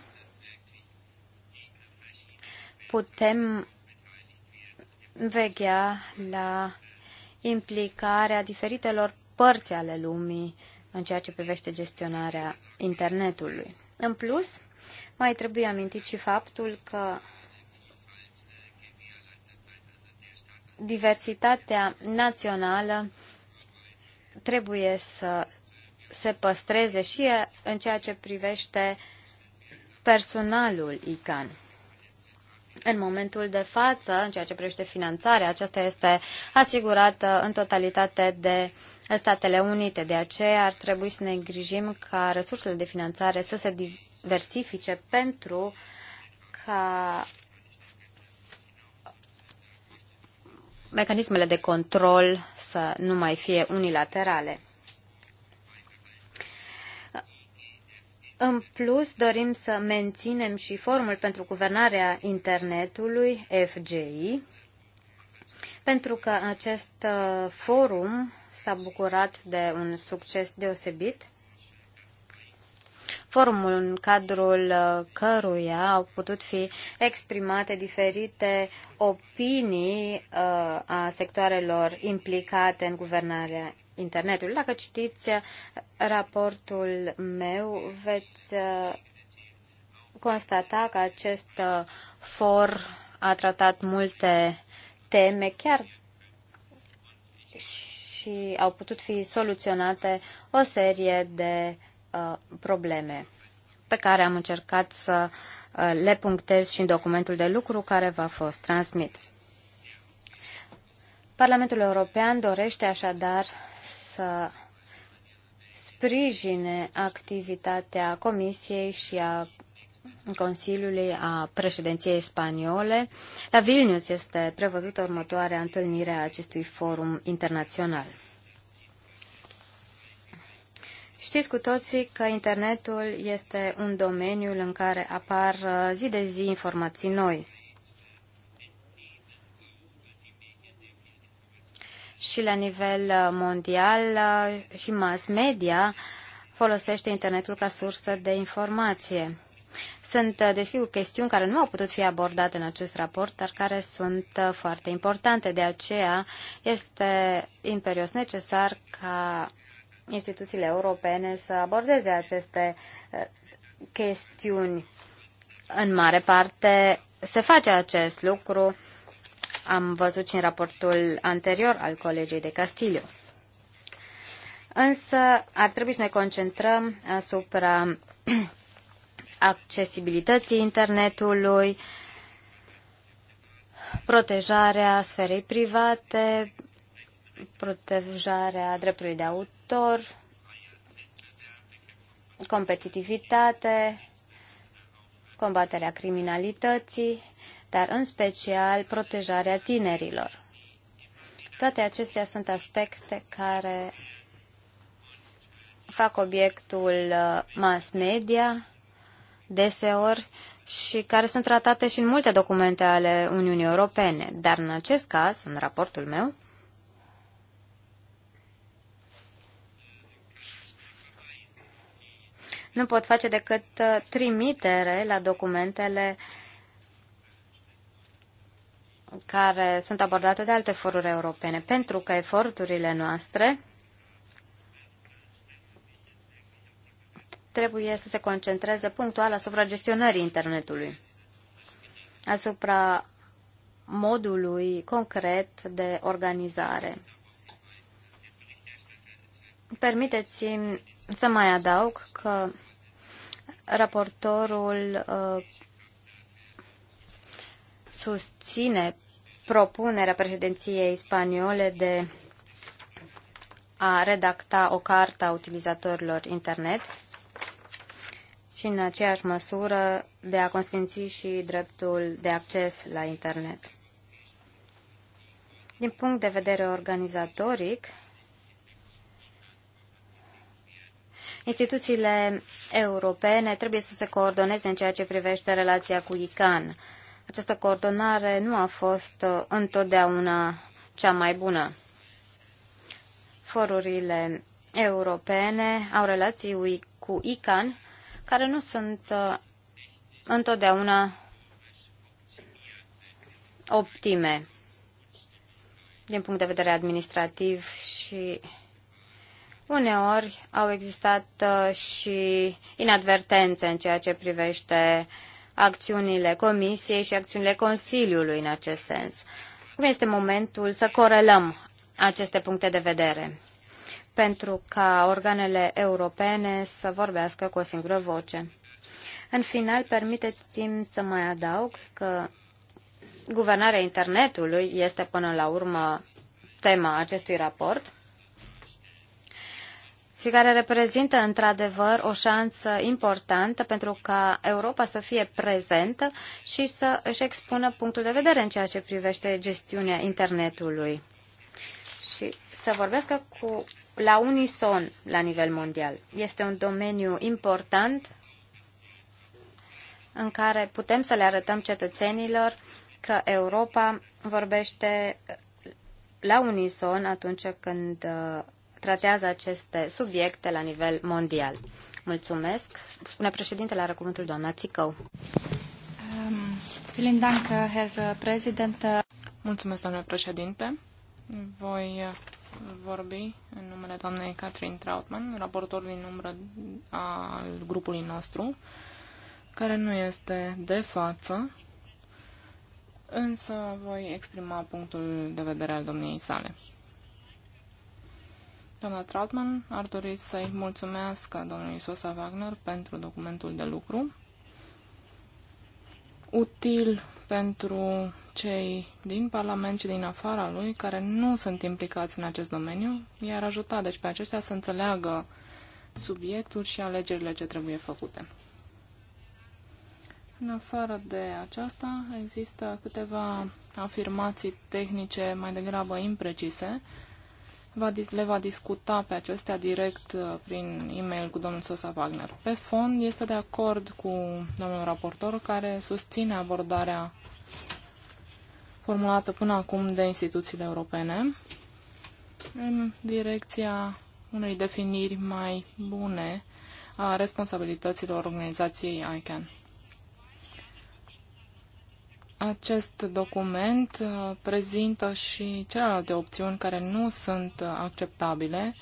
putem veghea la implicarea diferitelor părți ale lumii în ceea ce privește gestionarea internetului. În plus, mai trebuie amintit și faptul că diversitatea națională trebuie să se păstreze și în ceea ce privește personalul ICAN. În momentul de față, în ceea ce privește finanțarea, aceasta este asigurată în totalitate de uh, în Statele Unite. De aceea ar trebui să ne îngrijim ca resursele de finanțare să se diversifice pentru ca mecanismele de control să nu mai fie unilaterale. În plus, dorim să menținem și formul pentru guvernarea internetului FGI, pentru că acest uh, forum s-a bucurat de un succes deosebit. Forumul în cadrul uh, căruia au putut fi exprimate diferite opinii uh, a sectoarelor implicate în guvernarea internetului. Dacă citiți raportul meu, veți constata că acest for a tratat multe teme chiar și au putut fi soluționate o serie de uh, probleme pe care am încercat să uh, le punctez și în documentul de lucru care v-a fost transmit. Parlamentul European dorește așadar să sprijine activitatea Comisiei și a Consiliului a președinției spaniole. La Vilnius este prevăzută următoarea întâlnire a acestui forum internațional. Știți cu toții că internetul este un domeniu în care apar uh, zi de zi informații noi. Și la nivel uh, mondial uh, și mass media folosește internetul ca sursă de informație. Sunt, uh, desigur, chestiuni care nu au putut fi abordate în acest raport, dar care sunt uh, foarte importante. De aceea este imperios necesar ca instituțiile europene să abordeze aceste uh, chestiuni. În mare parte se face acest lucru, am văzut și în raportul anterior al colegii de Castilio. Însă ar trebui să ne concentrăm asupra [CLEARS THROAT] accesibilității internetului, protejarea sferei private, protejarea dreptului de autor, competitivitate, combaterea criminalității, dar în special protejarea tinerilor. Toate acestea sunt aspecte care fac obiectul uh, mass media deseori și care sunt tratate și în multe documente ale Uniunii Europene. Dar în acest caz, în raportul meu, nu pot face decât uh, trimitere la documentele care sunt abordate de alte foruri europene, pentru că eforturile noastre trebuie să se concentreze punctual asupra gestionării internetului, asupra modului concret de organizare. Permiteți-mi să mai adaug că raportorul uh, susține propunerea președinției spaniole de a redacta o carta a utilizatorilor internet și în aceeași măsură de a consfinți și dreptul de acces la internet. Din punct de vedere organizatoric, instituțiile europene trebuie să se coordoneze în ceea ce privește relația cu ICAN. Această coordonare nu a fost uh, întotdeauna cea mai bună. Forurile europene au relații cu ICAN care nu sunt uh, întotdeauna optime din punct de vedere administrativ și uneori au existat uh, și inadvertențe în ceea ce privește acțiunile Comisiei și acțiunile Consiliului în acest sens. Cum este momentul să corelăm aceste puncte de vedere? pentru ca organele europene să vorbească cu o singură voce. În final, permiteți-mi să mai adaug că guvernarea internetului este până la urmă tema acestui raport și care reprezintă într-adevăr o șansă importantă pentru ca Europa să fie prezentă și să își expună punctul de vedere în ceea ce privește gestiunea internetului să vorbesc cu, la unison la nivel mondial. Este un domeniu important în care putem să le arătăm cetățenilor că Europa vorbește la unison atunci când uh, tratează aceste subiecte la nivel mondial. Mulțumesc. Spune președintele, are cuvântul doamna Țicău. Um, Mulțumesc, domnule președinte. Voi vorbi în numele doamnei Catherine Trautman, raportor din umbră al grupului nostru, care nu este de față, însă voi exprima punctul de vedere al domniei sale. Doamna Trautman ar dori să-i mulțumească domnului Sosa Wagner pentru documentul de lucru util pentru cei din Parlament și din afara lui care nu sunt implicați în acest domeniu, iar ajuta deci pe aceștia să înțeleagă subiectul și alegerile ce trebuie făcute. În afară de aceasta, există câteva afirmații tehnice mai degrabă imprecise va, le va discuta pe acestea direct uh, prin e-mail cu domnul Sosa Wagner. Pe fond, este de acord cu domnul raportor care susține abordarea formulată până acum de instituțiile europene în direcția unei definiri mai bune a responsabilităților organizației ICANN. Acest document uh, prezintă și celelalte opțiuni care nu sunt uh, acceptabile.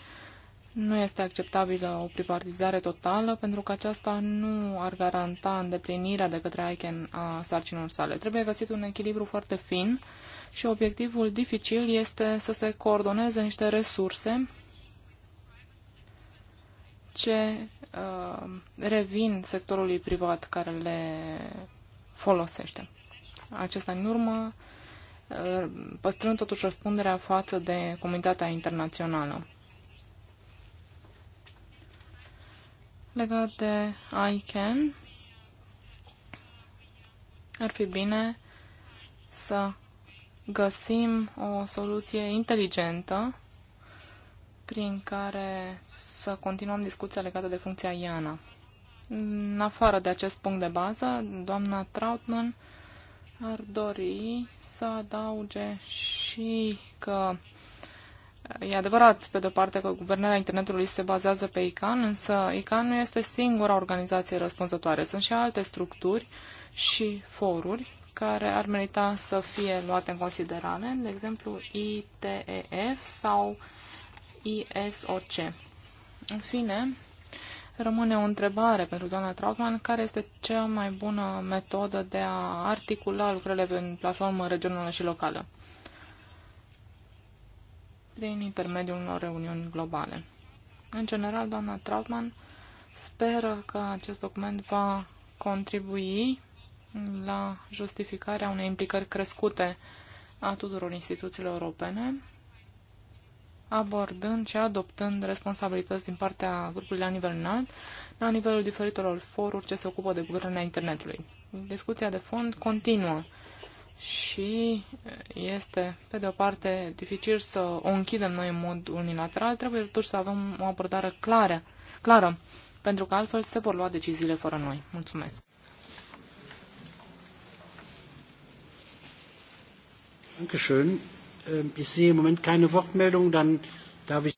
Nu este acceptabilă o privatizare totală pentru că aceasta nu ar garanta îndeplinirea de către ICAN a sarcinilor sale. Trebuie găsit un echilibru foarte fin și obiectivul dificil este să se coordoneze niște resurse ce uh, revin sectorului privat care le folosește acesta în urmă, uh, păstrând totuși răspunderea față de comunitatea internațională. Legat de ICANN, ar fi bine să găsim o soluție inteligentă prin care să continuăm discuția legată de funcția IANA. În afară de acest punct de bază, doamna Trautmann ar dori să adauge și că E adevărat, pe de-o parte, că guvernarea internetului se bazează pe ICANN, însă ICANN nu este singura organizație răspunzătoare. Sunt și alte structuri și foruri care ar merita să fie luate în considerare, de exemplu ITEF sau ISOC. În fine, Rămâne o întrebare pentru doamna Trautmann, care este cea mai bună metodă de a articula lucrurile în platformă regională și locală prin intermediul unor reuniuni globale. În general, doamna Trautmann speră că acest document va contribui la justificarea unei implicări crescute a tuturor instituțiilor europene abordând și adoptând responsabilități din partea grupului la nivel înalt, la nivelul diferitelor foruri ce se ocupă de guvernarea internetului. Discuția de fond continuă și este, pe de o parte, dificil să o închidem noi în mod unilateral, trebuie totuși să avem o abordare clară, clară pentru că altfel se vor lua deciziile fără noi. Mulțumesc! Dankeschön. Ähm, ich sehe im Moment keine Wortmeldung, dann darf ich...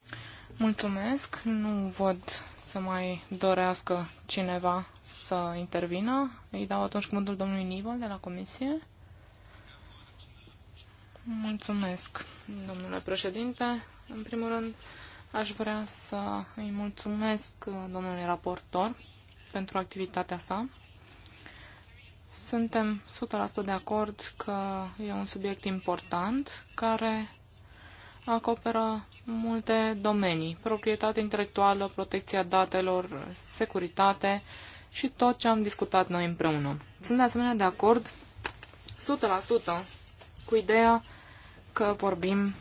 Mulțumesc, nu văd să mai dorească cineva să intervină. Îi dau atunci cuvântul domnului Nivol de la Comisie. Mulțumesc, domnule președinte. În primul rând, aș vrea să îi mulțumesc domnului raportor pentru activitatea sa. Suntem 100% de acord că e un subiect important care acoperă multe domenii. Proprietate intelectuală, protecția datelor, securitate și tot ce am discutat noi împreună. Sunt de asemenea de acord 100% cu ideea că vorbim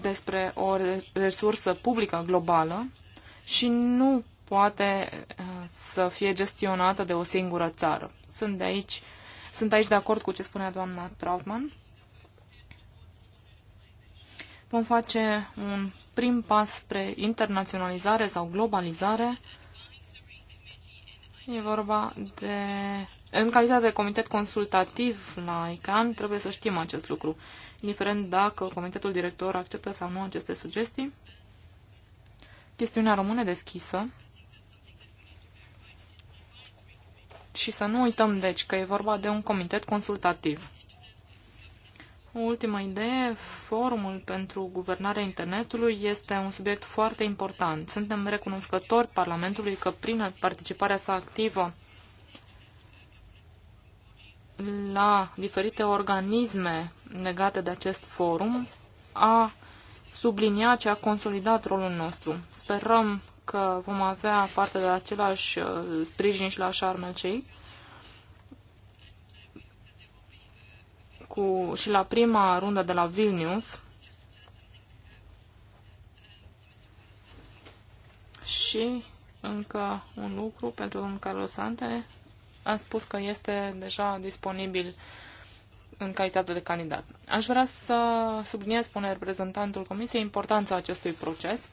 despre o resursă publică globală și nu poate uh, să fie gestionată de o singură țară sunt de aici, sunt aici de acord cu ce spunea doamna Trautmann. Vom face un prim pas spre internaționalizare sau globalizare. E vorba de... În calitate de comitet consultativ la ICAN, trebuie să știm acest lucru, indiferent dacă comitetul director acceptă sau nu aceste sugestii. Chestiunea rămâne deschisă. și să nu uităm, deci, că e vorba de un comitet consultativ. O ultimă idee, forumul pentru guvernarea internetului este un subiect foarte important. Suntem recunoscători Parlamentului că prin participarea sa activă la diferite organisme legate de acest forum a subliniat și a consolidat rolul nostru. Sperăm că vom avea parte de același uh, sprijin și la Charmel cei cu, și la prima rundă de la Vilnius și încă un lucru pentru domnul Carlos Sante. Am spus că este deja disponibil în calitate de candidat. Aș vrea să subliniez, spune reprezentantul Comisiei, importanța acestui proces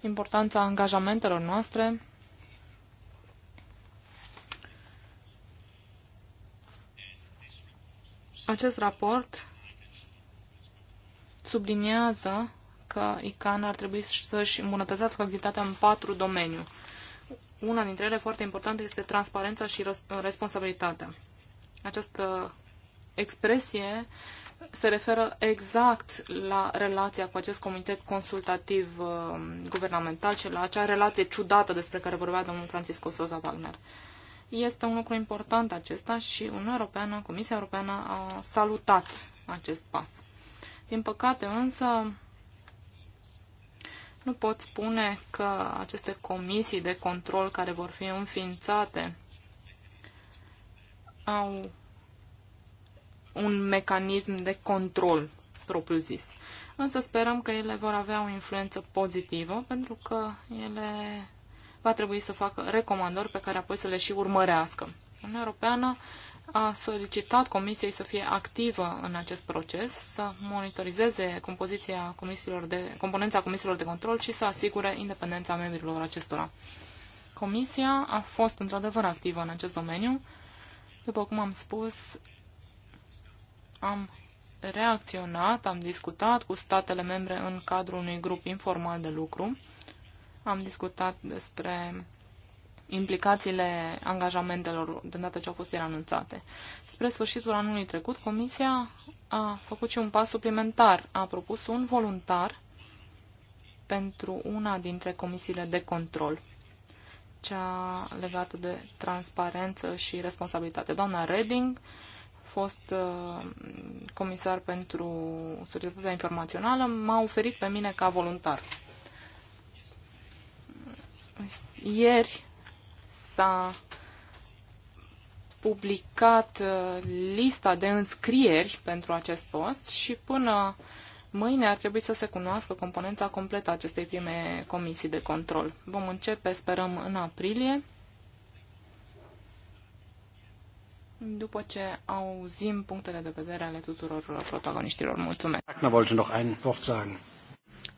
importanța angajamentelor noastre Acest raport subliniază că ICAN ar trebui să-și îmbunătățească activitatea în patru domenii. Una dintre ele foarte importantă este transparența și responsabilitatea. Această expresie se referă exact la relația cu acest comitet consultativ uh, guvernamental și la acea relație ciudată despre care vorbea domnul Francisco Sosa Wagner. Este un lucru important acesta și Uniunea Europeană, Comisia Europeană a salutat acest pas. Din păcate însă, nu pot spune că aceste comisii de control care vor fi înființate au un mecanism de control propriu-zis. Însă sperăm că ele vor avea o influență pozitivă, pentru că ele va trebui să facă recomandări pe care apoi să le și urmărească. Uniunea Europeană a solicitat Comisiei să fie activă în acest proces, să monitorizeze compoziția comisiilor de, componența comisiilor de control și să asigure independența membrilor acestora. Comisia a fost într-adevăr activă în acest domeniu. După cum am spus, am reacționat, am discutat cu statele membre în cadrul unui grup informal de lucru, am discutat despre implicațiile angajamentelor de data ce au fost anunțate. Spre sfârșitul anului trecut, Comisia a făcut și un pas suplimentar. A propus un voluntar pentru una dintre comisiile de control, cea legată de transparență și responsabilitate. Doamna Reding fost uh, comisar pentru societatea informațională, m-a oferit pe mine ca voluntar. Ieri s-a publicat uh, lista de înscrieri pentru acest post și până mâine ar trebui să se cunoască componența completă a acestei prime comisii de control. Vom începe, sperăm, în aprilie după ce auzim punctele de vedere ale tuturor protagoniștilor. Mulțumesc! Wagner wollte noch ein Wort sagen.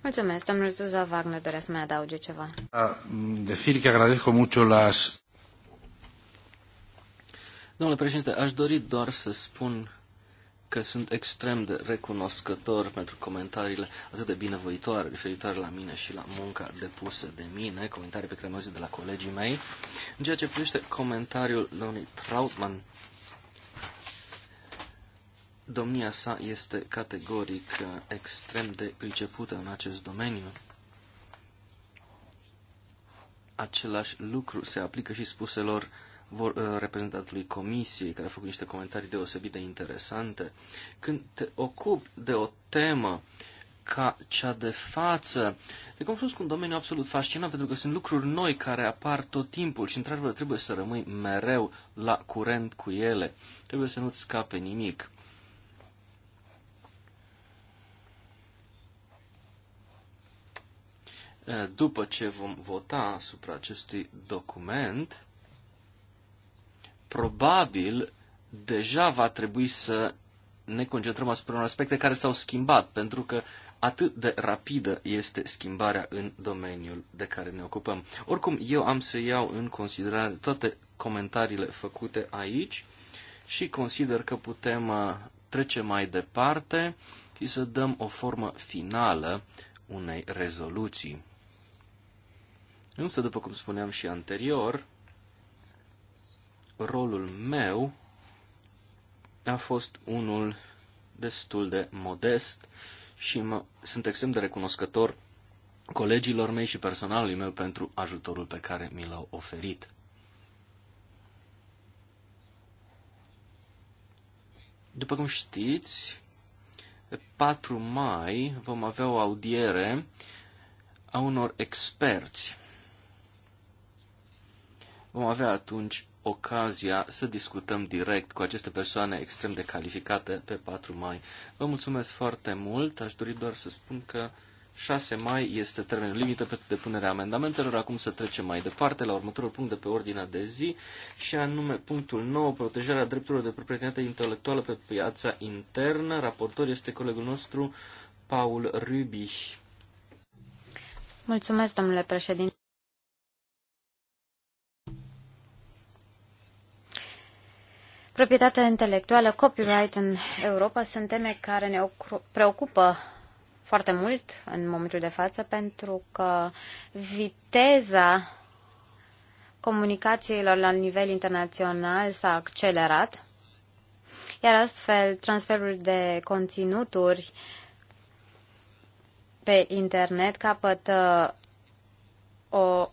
Mulțumesc, domnul Zuza Wagner, doresc să mai adauge ceva. Da, decir că agradezco mucho las... Domnule președinte, aș dori doar să spun că sunt extrem de recunoscător pentru comentariile atât de binevoitoare referitoare la mine și la munca depusă de mine, comentarii pe care am de la colegii mei. În ceea ce privește comentariul domnului Trautman, domnia sa este categoric uh, extrem de pricepută în acest domeniu. Același lucru se aplică și spuselor uh, vor, uh, reprezentantului comisiei, care a făcut niște comentarii deosebit de interesante. Când te ocupi de o temă ca cea de față, te confrunți cu un domeniu absolut fascinant, pentru că sunt lucruri noi care apar tot timpul și, într-adevăr, trebuie să rămâi mereu la curent cu ele. Trebuie să nu-ți scape nimic. Uh, după ce vom vota asupra acestui document, probabil deja va trebui să ne concentrăm asupra unor aspecte care s-au schimbat, pentru că atât de rapidă este schimbarea în domeniul de care ne ocupăm. Oricum, eu am să iau în considerare toate comentariile făcute aici și consider că putem uh, trece mai departe și să dăm o formă finală unei rezoluții. Însă, după cum spuneam și anterior, rolul meu a fost unul destul de modest și mă, sunt extrem de recunoscător colegilor mei și personalului meu pentru ajutorul pe care mi l-au oferit. După cum știți, pe 4 mai vom avea o audiere a unor experți. Vom avea atunci ocazia să discutăm direct cu aceste persoane extrem de calificate pe 4 mai. Vă mulțumesc foarte mult. Aș dori doar să spun că 6 mai este termenul limită pentru depunerea amendamentelor. Acum să trecem mai departe la următorul punct de pe ordinea de zi și anume punctul 9, protejarea drepturilor de proprietate intelectuală pe piața internă. Raportor este colegul nostru Paul Rubi. Mulțumesc, domnule președinte. Proprietatea intelectuală, copyright în Europa sunt teme care ne preocupă foarte mult în momentul de față pentru că viteza comunicațiilor la nivel internațional s-a accelerat, iar astfel transferul de conținuturi pe internet capătă o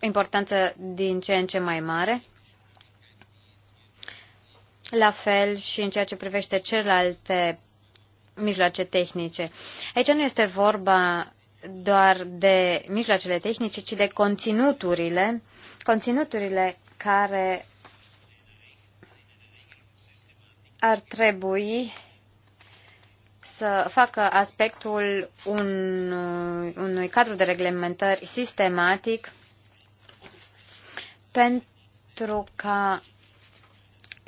importanță din ce în ce mai mare la fel și în ceea ce privește celelalte mijloace tehnice. Aici nu este vorba doar de mijloacele tehnice, ci de conținuturile, conținuturile care ar trebui să facă aspectul un, unui cadru de reglementări sistematic pentru ca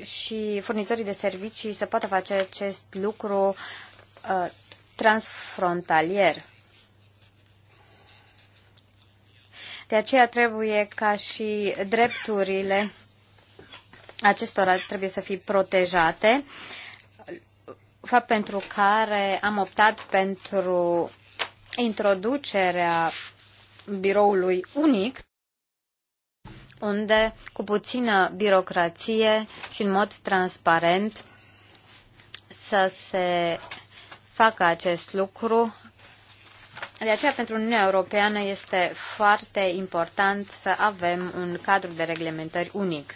și furnizorii de servicii să poată face acest lucru uh, transfrontalier. De aceea trebuie ca și drepturile acestora trebuie să fie protejate, fapt pentru care am optat pentru introducerea biroului unic unde cu puțină birocrație și în mod transparent să se facă acest lucru. De aceea, pentru Uniunea Europeană este foarte important să avem un cadru de reglementări unic.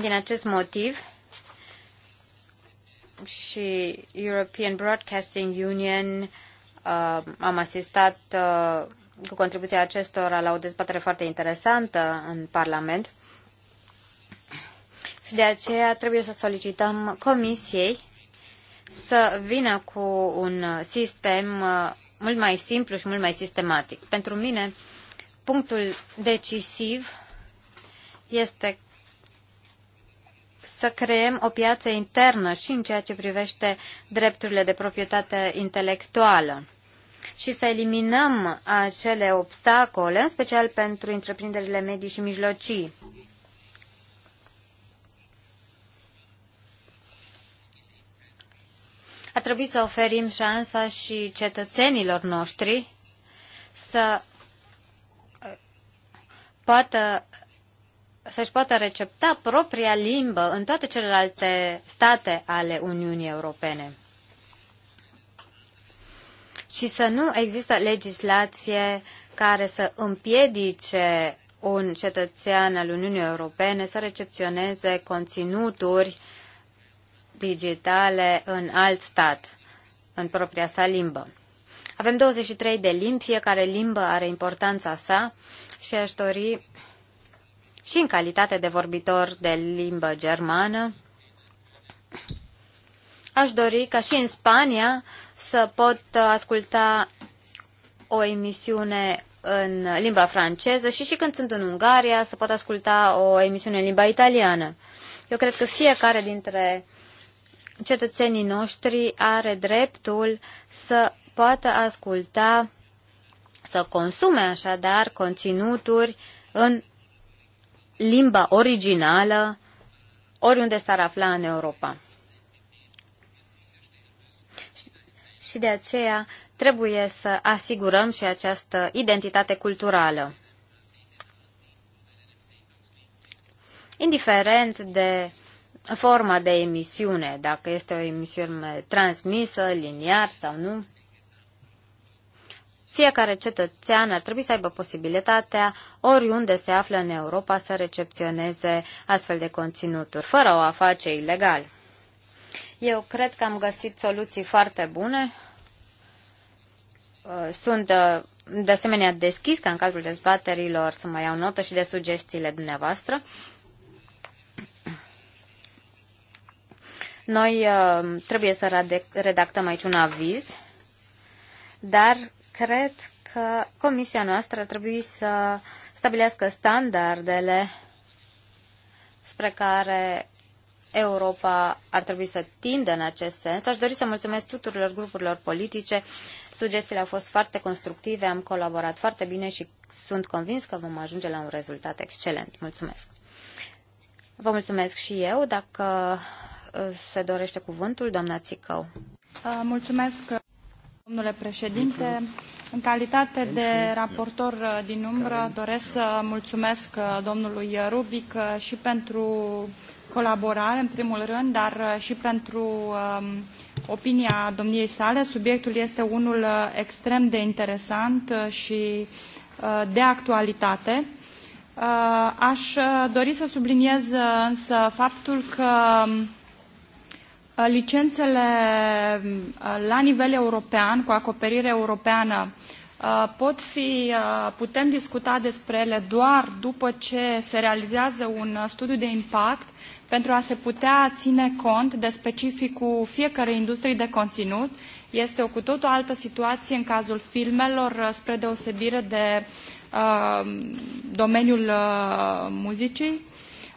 Din acest motiv și European Broadcasting Union uh, am asistat uh, cu contribuția acestora la o dezbatere foarte interesantă în Parlament. Și de aceea trebuie să solicităm Comisiei să vină cu un sistem uh, mult mai simplu și mult mai sistematic. Pentru mine, punctul decisiv este să creăm o piață internă și în ceea ce privește drepturile de proprietate intelectuală și să eliminăm acele obstacole, în special pentru întreprinderile medii și mijlocii. Ar trebui să oferim șansa și cetățenilor noștri să uh, poată să-și poată recepta propria limbă în toate celelalte state ale Uniunii Europene și să nu există legislație care să împiedice un cetățean al Uniunii Europene să recepționeze conținuturi digitale în alt stat, în propria sa limbă. Avem 23 de limbi, fiecare limbă are importanța sa și aș dori și în calitate de vorbitor de limbă germană Aș dori ca și în Spania să pot uh, asculta o emisiune în limba franceză și și când sunt în Ungaria să pot asculta o emisiune în limba italiană. Eu cred că fiecare dintre cetățenii noștri are dreptul să poată asculta, să consume așadar conținuturi în limba originală oriunde s-ar afla în Europa. și de aceea trebuie să asigurăm și această identitate culturală. Indiferent de forma de emisiune, dacă este o emisiune transmisă, liniar sau nu, fiecare cetățean ar trebui să aibă posibilitatea, oriunde se află în Europa, să recepționeze astfel de conținuturi, fără o afacere ilegal. Eu cred că am găsit soluții foarte bune Uh, sunt uh, de asemenea deschis ca în cazul dezbaterilor să mai iau notă și de sugestiile dumneavoastră. Noi uh, trebuie să redactăm aici un aviz, dar cred că comisia noastră ar trebui să stabilească standardele spre care Europa ar trebui să tindă în acest sens. Aș dori să mulțumesc tuturor grupurilor politice. Sugestiile au fost foarte constructive, am colaborat foarte bine și sunt convins că vom ajunge la un rezultat excelent. Mulțumesc! Vă mulțumesc și eu. Dacă uh, se dorește cuvântul, doamna Țicău. Uh, mulțumesc, domnule președinte. În calitate de raportor uh, din umbră, doresc să mulțumesc domnului Rubic și pentru colaborare, în primul rând, dar uh, și pentru um, opinia domniei sale. Subiectul este unul uh, extrem de interesant uh, și de actualitate. Aș dori să subliniez însă faptul că um, licențele um, la nivel european, cu acoperire europeană, pot fi, putem discuta despre ele doar după ce se realizează un studiu de impact pentru a se putea ține cont de specificul fiecărei industrii de conținut. Este o cu totul altă situație în cazul filmelor, uh, spre deosebire de uh, domeniul uh, muzicii.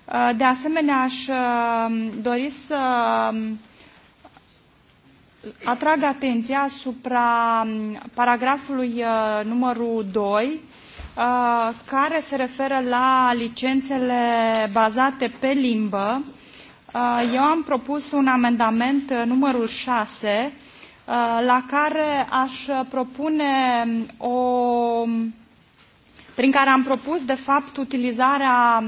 Uh, de asemenea, aș uh, dori să um, atrag atenția asupra um, paragrafului uh, numărul 2 Uh, care se referă la licențele bazate pe limbă. Uh, eu am propus un amendament uh, numărul 6 la care aș propune um, o prin care am propus de fapt utilizarea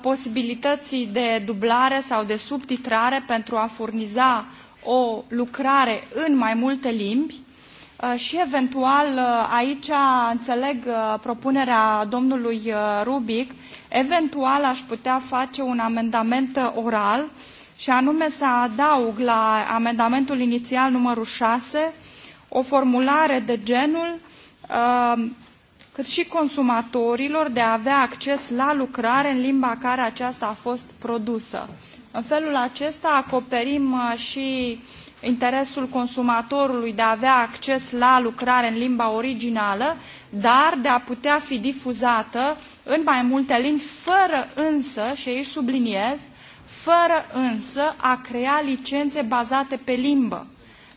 posibilității de dublare sau de subtitrare pentru a furniza o lucrare în mai multe limbi Uh, și eventual uh, aici înțeleg uh, propunerea domnului Rubic, eventual aș putea face un amendament oral și anume să adaug la amendamentul inițial numărul 6 o formulare de genul cât și consumatorilor de a avea acces la lucrare în limba care aceasta a fost produsă. În felul acesta acoperim și interesul consumatorului de a avea acces la lucrare în limba originală, dar de a putea fi difuzată în mai multe limbi, fără însă, și aici subliniez, fără însă a crea licențe bazate pe limbă.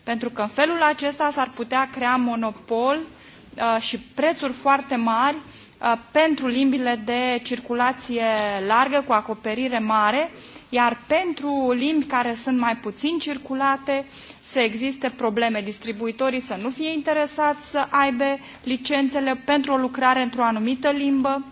Pentru că în felul acesta s-ar putea crea monopol uh, și prețuri foarte mari uh, pentru limbile de circulație largă cu acoperire mare, iar pentru limbi care sunt mai puțin circulate să existe probleme. Distribuitorii să nu fie interesați să aibă licențele pentru o lucrare într-o anumită limbă.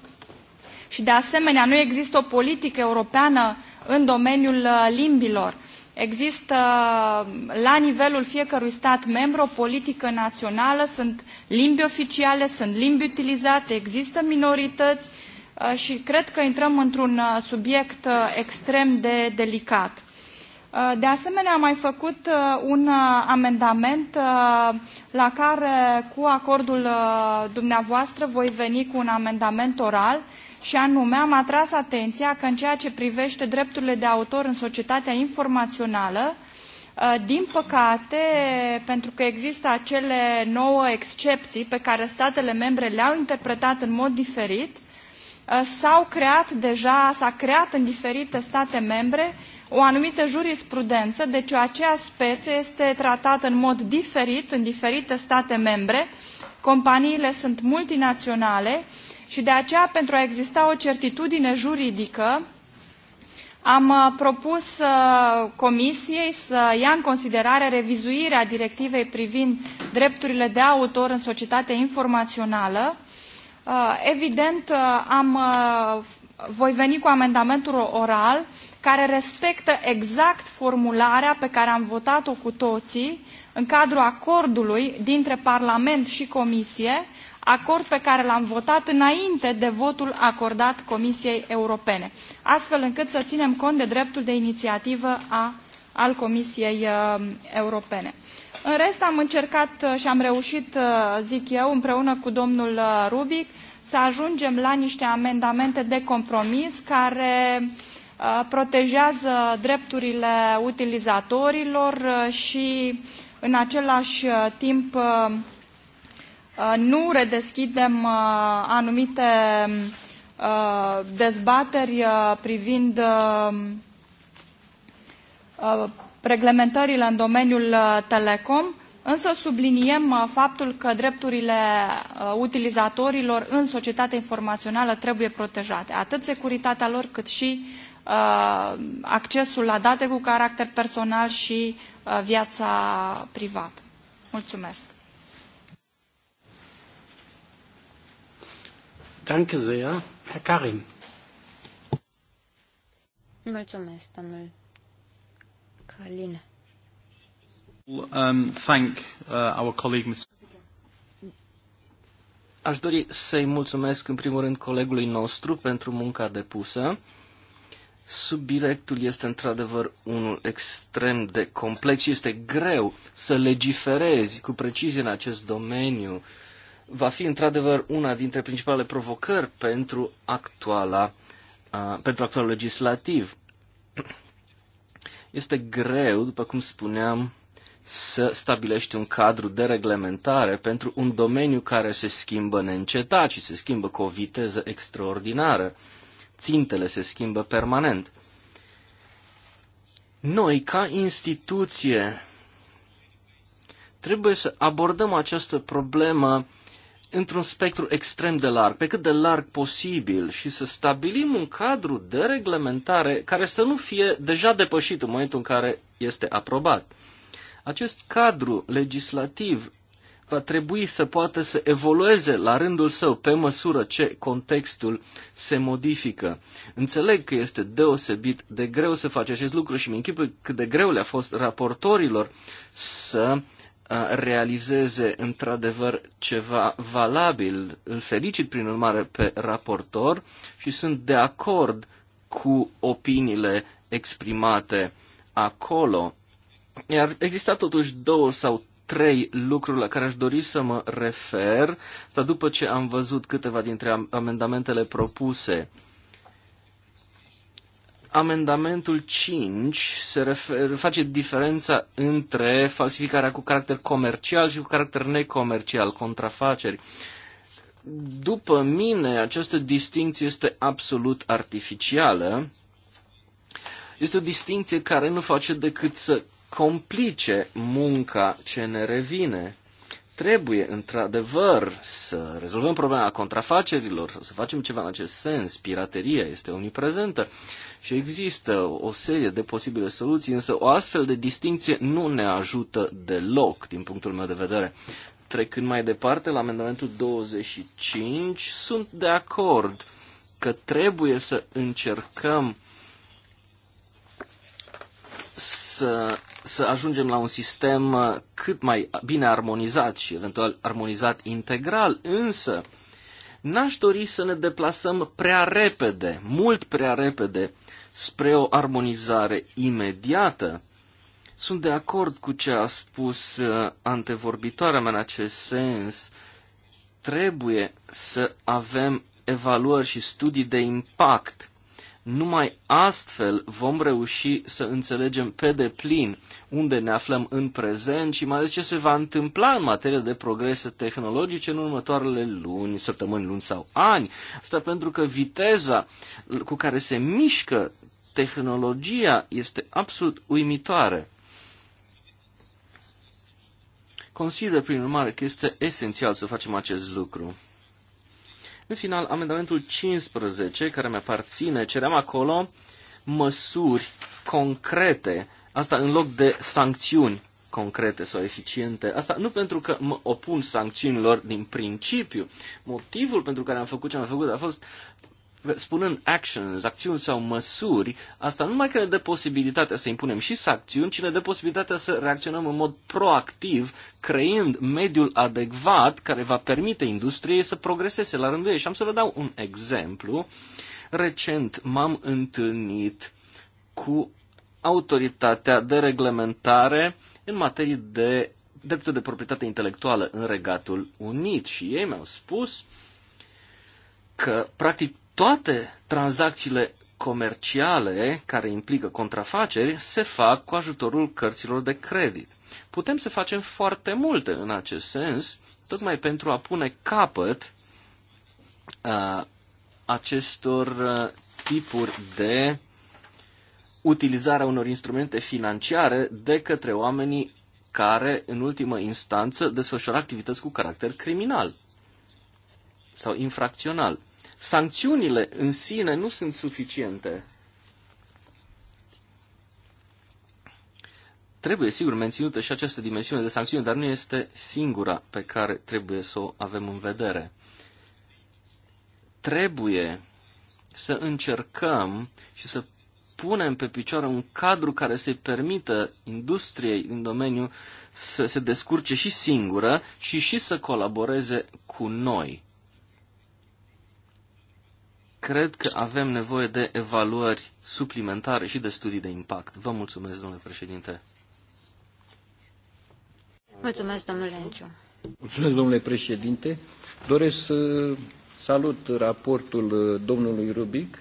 Și de asemenea, nu există o politică europeană în domeniul uh, limbilor. Există uh, la nivelul fiecărui stat membru o politică națională, sunt limbi oficiale, sunt limbi utilizate, există minorități, Uh, și cred că intrăm într-un uh, subiect uh, extrem de delicat. De asemenea, am mai făcut un amendament la care, cu acordul dumneavoastră, voi veni cu un amendament oral și anume am atras atenția că în ceea ce privește drepturile de autor în societatea informațională, din păcate, pentru că există acele nouă excepții pe care statele membre le-au interpretat în mod diferit, Uh, s-au creat deja, s-a creat în diferite state membre o anumită jurisprudență, deci aceea specie este tratată în mod diferit în diferite state membre, companiile sunt multinaționale și de aceea pentru a exista o certitudine juridică am uh, propus uh, Comisiei să ia în considerare revizuirea directivei privind drepturile de autor în societatea informațională, Uh, evident, uh, am, uh, voi veni cu amendamentul oral care respectă exact formularea pe care am votat-o cu toții în cadrul acordului dintre Parlament și Comisie, acord pe care l-am votat înainte de votul acordat Comisiei Europene, astfel încât să ținem cont de dreptul de inițiativă a, al Comisiei Europene. În rest am încercat uh, și am reușit, uh, zic eu, împreună cu domnul uh, Rubic, să ajungem la niște amendamente de compromis care protejează drepturile utilizatorilor și în același timp nu redeschidem anumite dezbateri privind reglementările în domeniul uh, telecom, însă subliniem uh, faptul că drepturile uh, utilizatorilor în societatea informațională trebuie protejate, atât securitatea lor cât și accesul la date cu caracter personal și viața privată. Mulțumesc! Danke sehr, Herr Karin. Mulțumesc, domnule. Lin. Um, uh, Aș dori să-i mulțumesc în primul rând colegului nostru pentru munca depusă. Subiectul este într-adevăr unul extrem de complex și este greu să legiferezi cu precizie în acest domeniu. Va fi într-adevăr una dintre principalele provocări pentru actuala, uh, pentru actualul legislativ. Este greu, după cum spuneam, să stabilești un cadru de reglementare pentru un domeniu care se schimbă neîncetat și se schimbă cu o viteză extraordinară. Țintele se schimbă permanent. Noi, ca instituție, trebuie să abordăm această problemă într-un spectru extrem de larg, pe cât de larg posibil și să stabilim un cadru de reglementare care să nu fie deja depășit în momentul în care este aprobat. Acest cadru legislativ va trebui să poată să evolueze la rândul său pe măsură ce contextul se modifică. Înțeleg că este deosebit de greu să faci acest lucru și mi închipui cât de greu le-a fost raportorilor să uh, realizeze într-adevăr ceva valabil. Îl felicit prin urmare pe raportor și sunt de acord cu opiniile exprimate acolo. Iar exista totuși două sau trei lucruri la care aș dori să mă refer, dar după ce am văzut câteva dintre amendamentele propuse. Uh, Amendamentul 5 se refer, face diferența între falsificarea cu caracter comercial și cu caracter necomercial, contrafaceri. După mine, această distinție este absolut artificială. Este o distinție care nu face decât să complice munca ce ne revine. Trebuie, într-adevăr, să rezolvăm problema contrafacerilor sau să facem ceva în acest sens. Pirateria este omniprezentă și există o serie de posibile soluții, însă o astfel de distinție nu ne ajută deloc, din punctul meu de vedere. Trecând mai departe la amendamentul 25, sunt de acord că trebuie să încercăm să să ajungem la un sistem uh, cât mai bine armonizat și eventual armonizat integral, însă n-aș dori să ne deplasăm prea repede, mult prea repede, spre o armonizare imediată. Sunt de acord cu ce a spus uh, antevorbitoarea mea în acest sens. Trebuie să avem evaluări și studii de impact numai astfel vom reuși să înțelegem pe deplin unde ne aflăm în prezent și mai ales ce se va întâmpla în materie de progrese tehnologice în următoarele luni, săptămâni, luni sau ani. Asta pentru că viteza cu care se mișcă tehnologia este absolut uimitoare. Consider, prin urmare, că este esențial să facem acest lucru. În final, amendamentul 15, care mi aparține, ceream acolo măsuri concrete, asta în loc de sancțiuni concrete sau eficiente. Asta nu pentru că mă opun sancțiunilor din principiu. Motivul pentru care am făcut ce am făcut a fost spunând actions, acțiuni sau măsuri, asta nu mai că ne dă posibilitatea să impunem și sancțiuni, ci ne dă posibilitatea să reacționăm în mod proactiv, creând mediul adecvat care va permite industriei să progreseze la rândul ei. Și am să vă dau un exemplu. Recent m-am întâlnit cu autoritatea de reglementare în materie de dreptul de proprietate intelectuală în Regatul Unit și ei mi-au spus că practic toate tranzacțiile comerciale care implică contrafaceri se fac cu ajutorul cărților de credit. Putem să facem foarte multe în acest sens, tocmai pentru a pune capăt a, acestor a, tipuri de utilizarea unor instrumente financiare de către oamenii care, în ultimă instanță, desfășoară activități cu caracter criminal sau infracțional sancțiunile în sine nu sunt suficiente. Trebuie, sigur, menținută și această dimensiune de sancțiune, dar nu este singura pe care trebuie să o avem în vedere. Trebuie să încercăm și să punem pe picioare un cadru care să-i permită industriei din domeniu să se descurce și singură și și să colaboreze cu noi cred că avem nevoie de evaluări suplimentare și de studii de impact. Vă mulțumesc, domnule președinte. Mulțumesc, domnule Enciu. Mulțumesc, domnule președinte. Doresc să salut raportul uh, domnului Rubic,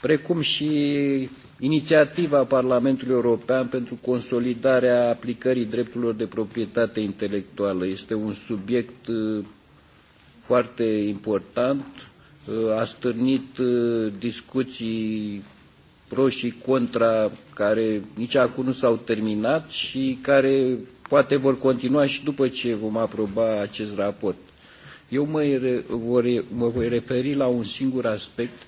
precum și inițiativa Parlamentului European pentru consolidarea aplicării drepturilor de proprietate intelectuală. Este un subiect uh, foarte important, Uh, a stârnit uh, discuții pro și contra care nici acum nu s-au terminat și care poate vor continua și după ce vom aproba acest raport. Eu mă, vor, mă voi referi la un singur aspect,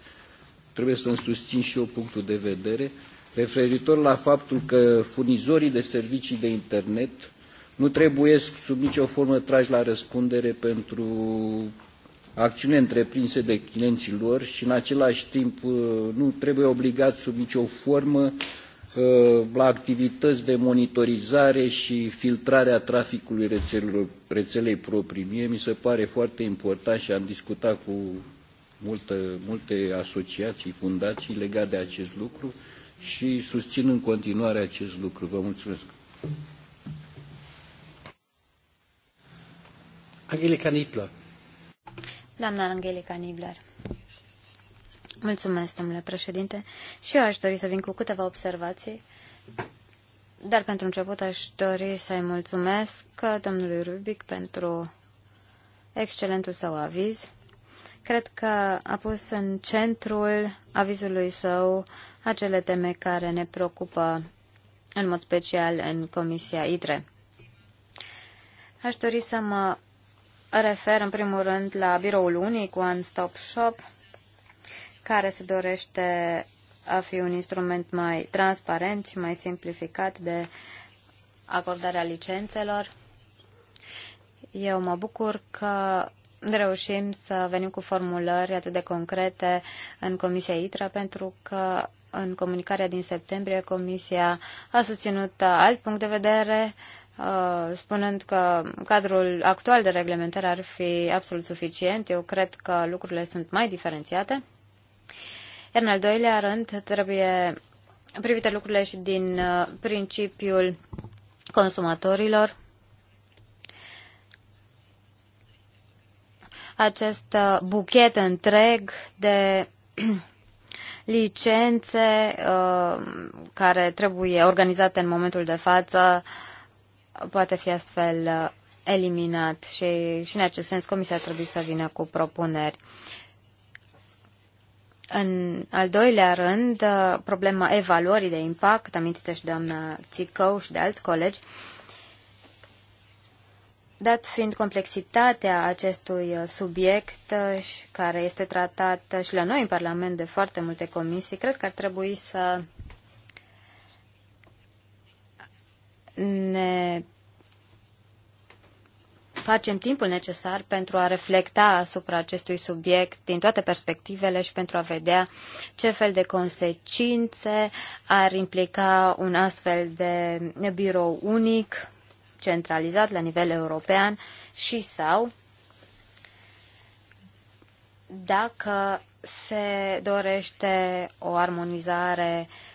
trebuie să-mi susțin și eu punctul de vedere, referitor la faptul că furnizorii de servicii de internet nu trebuie sub nicio formă trași la răspundere pentru acțiune întreprinse de clienții lor și în același timp uh, nu trebuie obligat sub nicio formă uh, la activități de monitorizare și filtrare a traficului rețelei proprii. Mie mi se pare foarte important și am discutat cu multe, multe asociații, fundații legate de acest lucru și susțin în continuare acest lucru. Vă mulțumesc. Angelica Nipler. Doamna Angelica Nibler. Mulțumesc, domnule președinte. Și eu aș dori să vin cu câteva observații. Dar pentru început aș dori să-i mulțumesc domnului Rubic pentru excelentul său aviz. Cred că a pus în centrul avizului său acele teme care ne preocupă în mod special în Comisia IDRE. Aș dori să mă refer în primul rând la biroul unic One Stop Shop, care se dorește a fi un instrument mai transparent și mai simplificat de acordarea licențelor. Eu mă bucur că reușim să venim cu formulări atât de concrete în Comisia ITRA, pentru că în comunicarea din septembrie Comisia a susținut alt punct de vedere uh, Uh, spunând că cadrul actual de reglementare ar fi absolut suficient. Eu cred că lucrurile sunt mai diferențiate. Iar în al doilea rând, trebuie privite lucrurile și din uh, principiul consumatorilor. Acest uh, buchet întreg de [CLEARS THROAT] licențe care trebuie organizate în momentul de față uh, poate fi astfel uh, eliminat și, și în acest sens Comisia trebuie să vină cu propuneri. În al doilea rând, uh, problema evaluării de impact, amintită și doamna Țicău și de alți colegi, dat fiind complexitatea acestui uh, subiect care este tratat și la noi în Parlament de foarte multe comisii, cred că ar trebui să ne facem timpul necesar pentru a reflecta asupra acestui subiect din toate perspectivele și pentru a vedea ce fel de consecințe ar implica un astfel de birou unic, centralizat la nivel european și sau dacă se dorește o armonizare uh,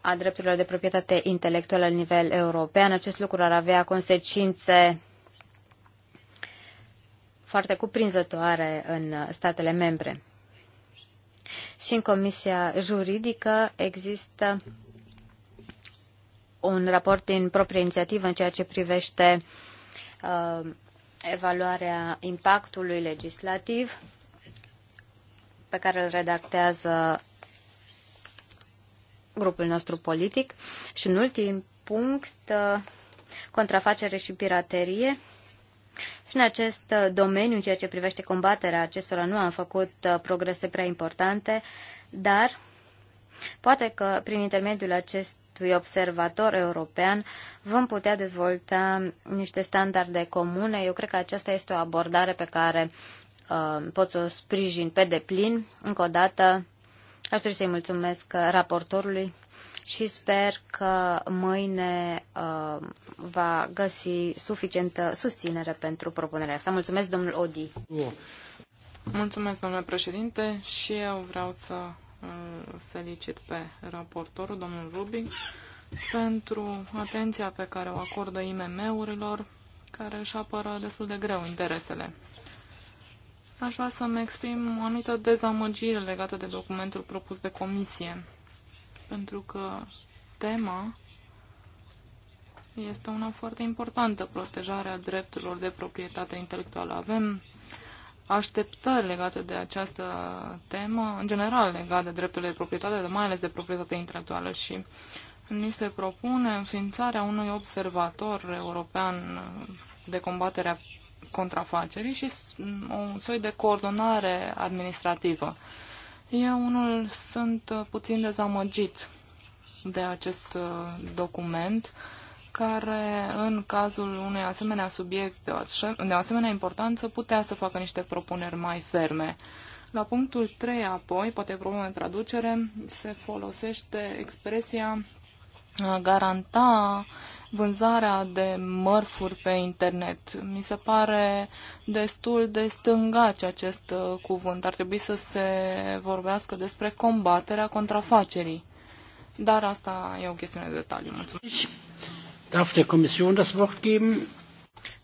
a drepturilor de proprietate intelectuală la nivel european. Acest lucru ar avea consecințe foarte cuprinzătoare în statele membre. Și în Comisia Juridică există un raport din proprie inițiativă în ceea ce privește uh, evaluarea impactului legislativ pe care îl redactează grupul nostru politic. Și un ultim punct, uh, contrafacere și piraterie. Și în acest uh, domeniu, în ceea ce privește combaterea acestora, nu am făcut uh, progrese prea importante, dar poate că prin intermediul acestui observator european vom putea dezvolta niște standarde comune. Eu cred că aceasta este o abordare pe care uh, pot să o sprijin pe deplin. Încă o dată, Aș dori să-i mulțumesc uh, raportorului și sper că mâine uh, va găsi suficientă susținere pentru propunerea sa. Mulțumesc, domnul Odi. Mulțumesc, domnule președinte, și eu vreau să uh, felicit pe raportorul, domnul Rubin, pentru atenția pe care o acordă IMM-urilor, care își apără destul de greu interesele. Aș vrea să-mi exprim o anumită dezamăgire legată de documentul propus de comisie, pentru că tema este una foarte importantă, protejarea drepturilor de proprietate intelectuală. Avem așteptări legate de această temă, în general legate de drepturile de proprietate, dar mai ales de proprietate intelectuală și ni se propune înființarea unui observator european de combaterea contrafacerii și un soi de coordonare administrativă. Eu unul sunt uh, puțin dezamăgit de acest uh, document care, în cazul unui asemenea subiect de asemenea importanță, putea să facă niște propuneri mai ferme. La punctul 3, apoi, poate problema de traducere, se folosește expresia garanta vânzarea de mărfuri pe internet. Mi se pare destul de stângaci acest uh, cuvânt. Ar trebui să se vorbească despre combaterea contrafacerii. Dar asta e o chestiune de detaliu. Mulțumesc. Darf der Kommission das Wort geben?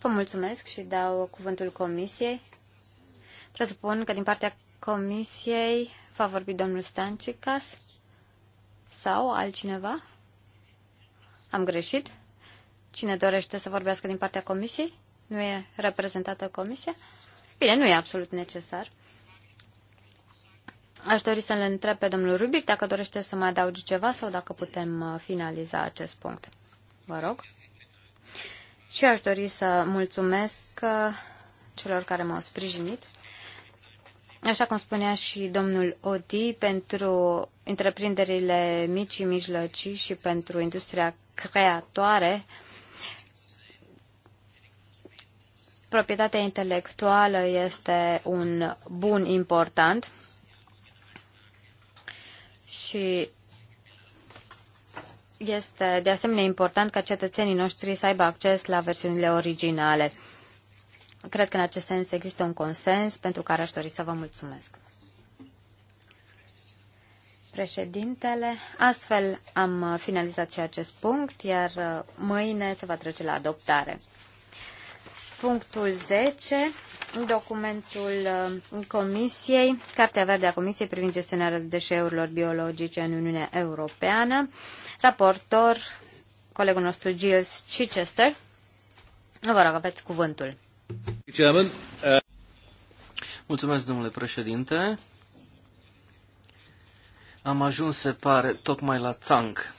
Vă mulțumesc și dau cuvântul Comisiei. Presupun că din partea Comisiei va vorbi domnul Stancicas sau altcineva? Am greșit? Cine dorește să vorbească din partea comisiei? Nu e reprezentată comisia? Bine, nu e absolut necesar. Aș dori să le întreb pe domnul Rubic dacă dorește să mai adaugi ceva sau dacă putem uh, finaliza acest punct. Vă rog. Și aș dori să mulțumesc uh, celor care m-au sprijinit. Așa cum spunea și domnul Odi, pentru întreprinderile mici și mijlocii și pentru industria creatoare, proprietatea intelectuală este un bun important și este de asemenea important ca cetățenii noștri să aibă acces la versiunile originale. Cred că în acest sens există un consens pentru care aș dori să vă mulțumesc președintele. Astfel am finalizat și acest punct, iar uh, mâine se va trece la adoptare. Punctul 10, documentul uh, Comisiei, Cartea Verde a Comisiei privind gestionarea deșeurilor biologice în Uniunea Europeană. Raportor, colegul nostru Gilles Chichester. Vă rog, aveți cuvântul. Uh, Mulțumesc, domnule președinte. Am ajuns, se pare, tocmai la țanc.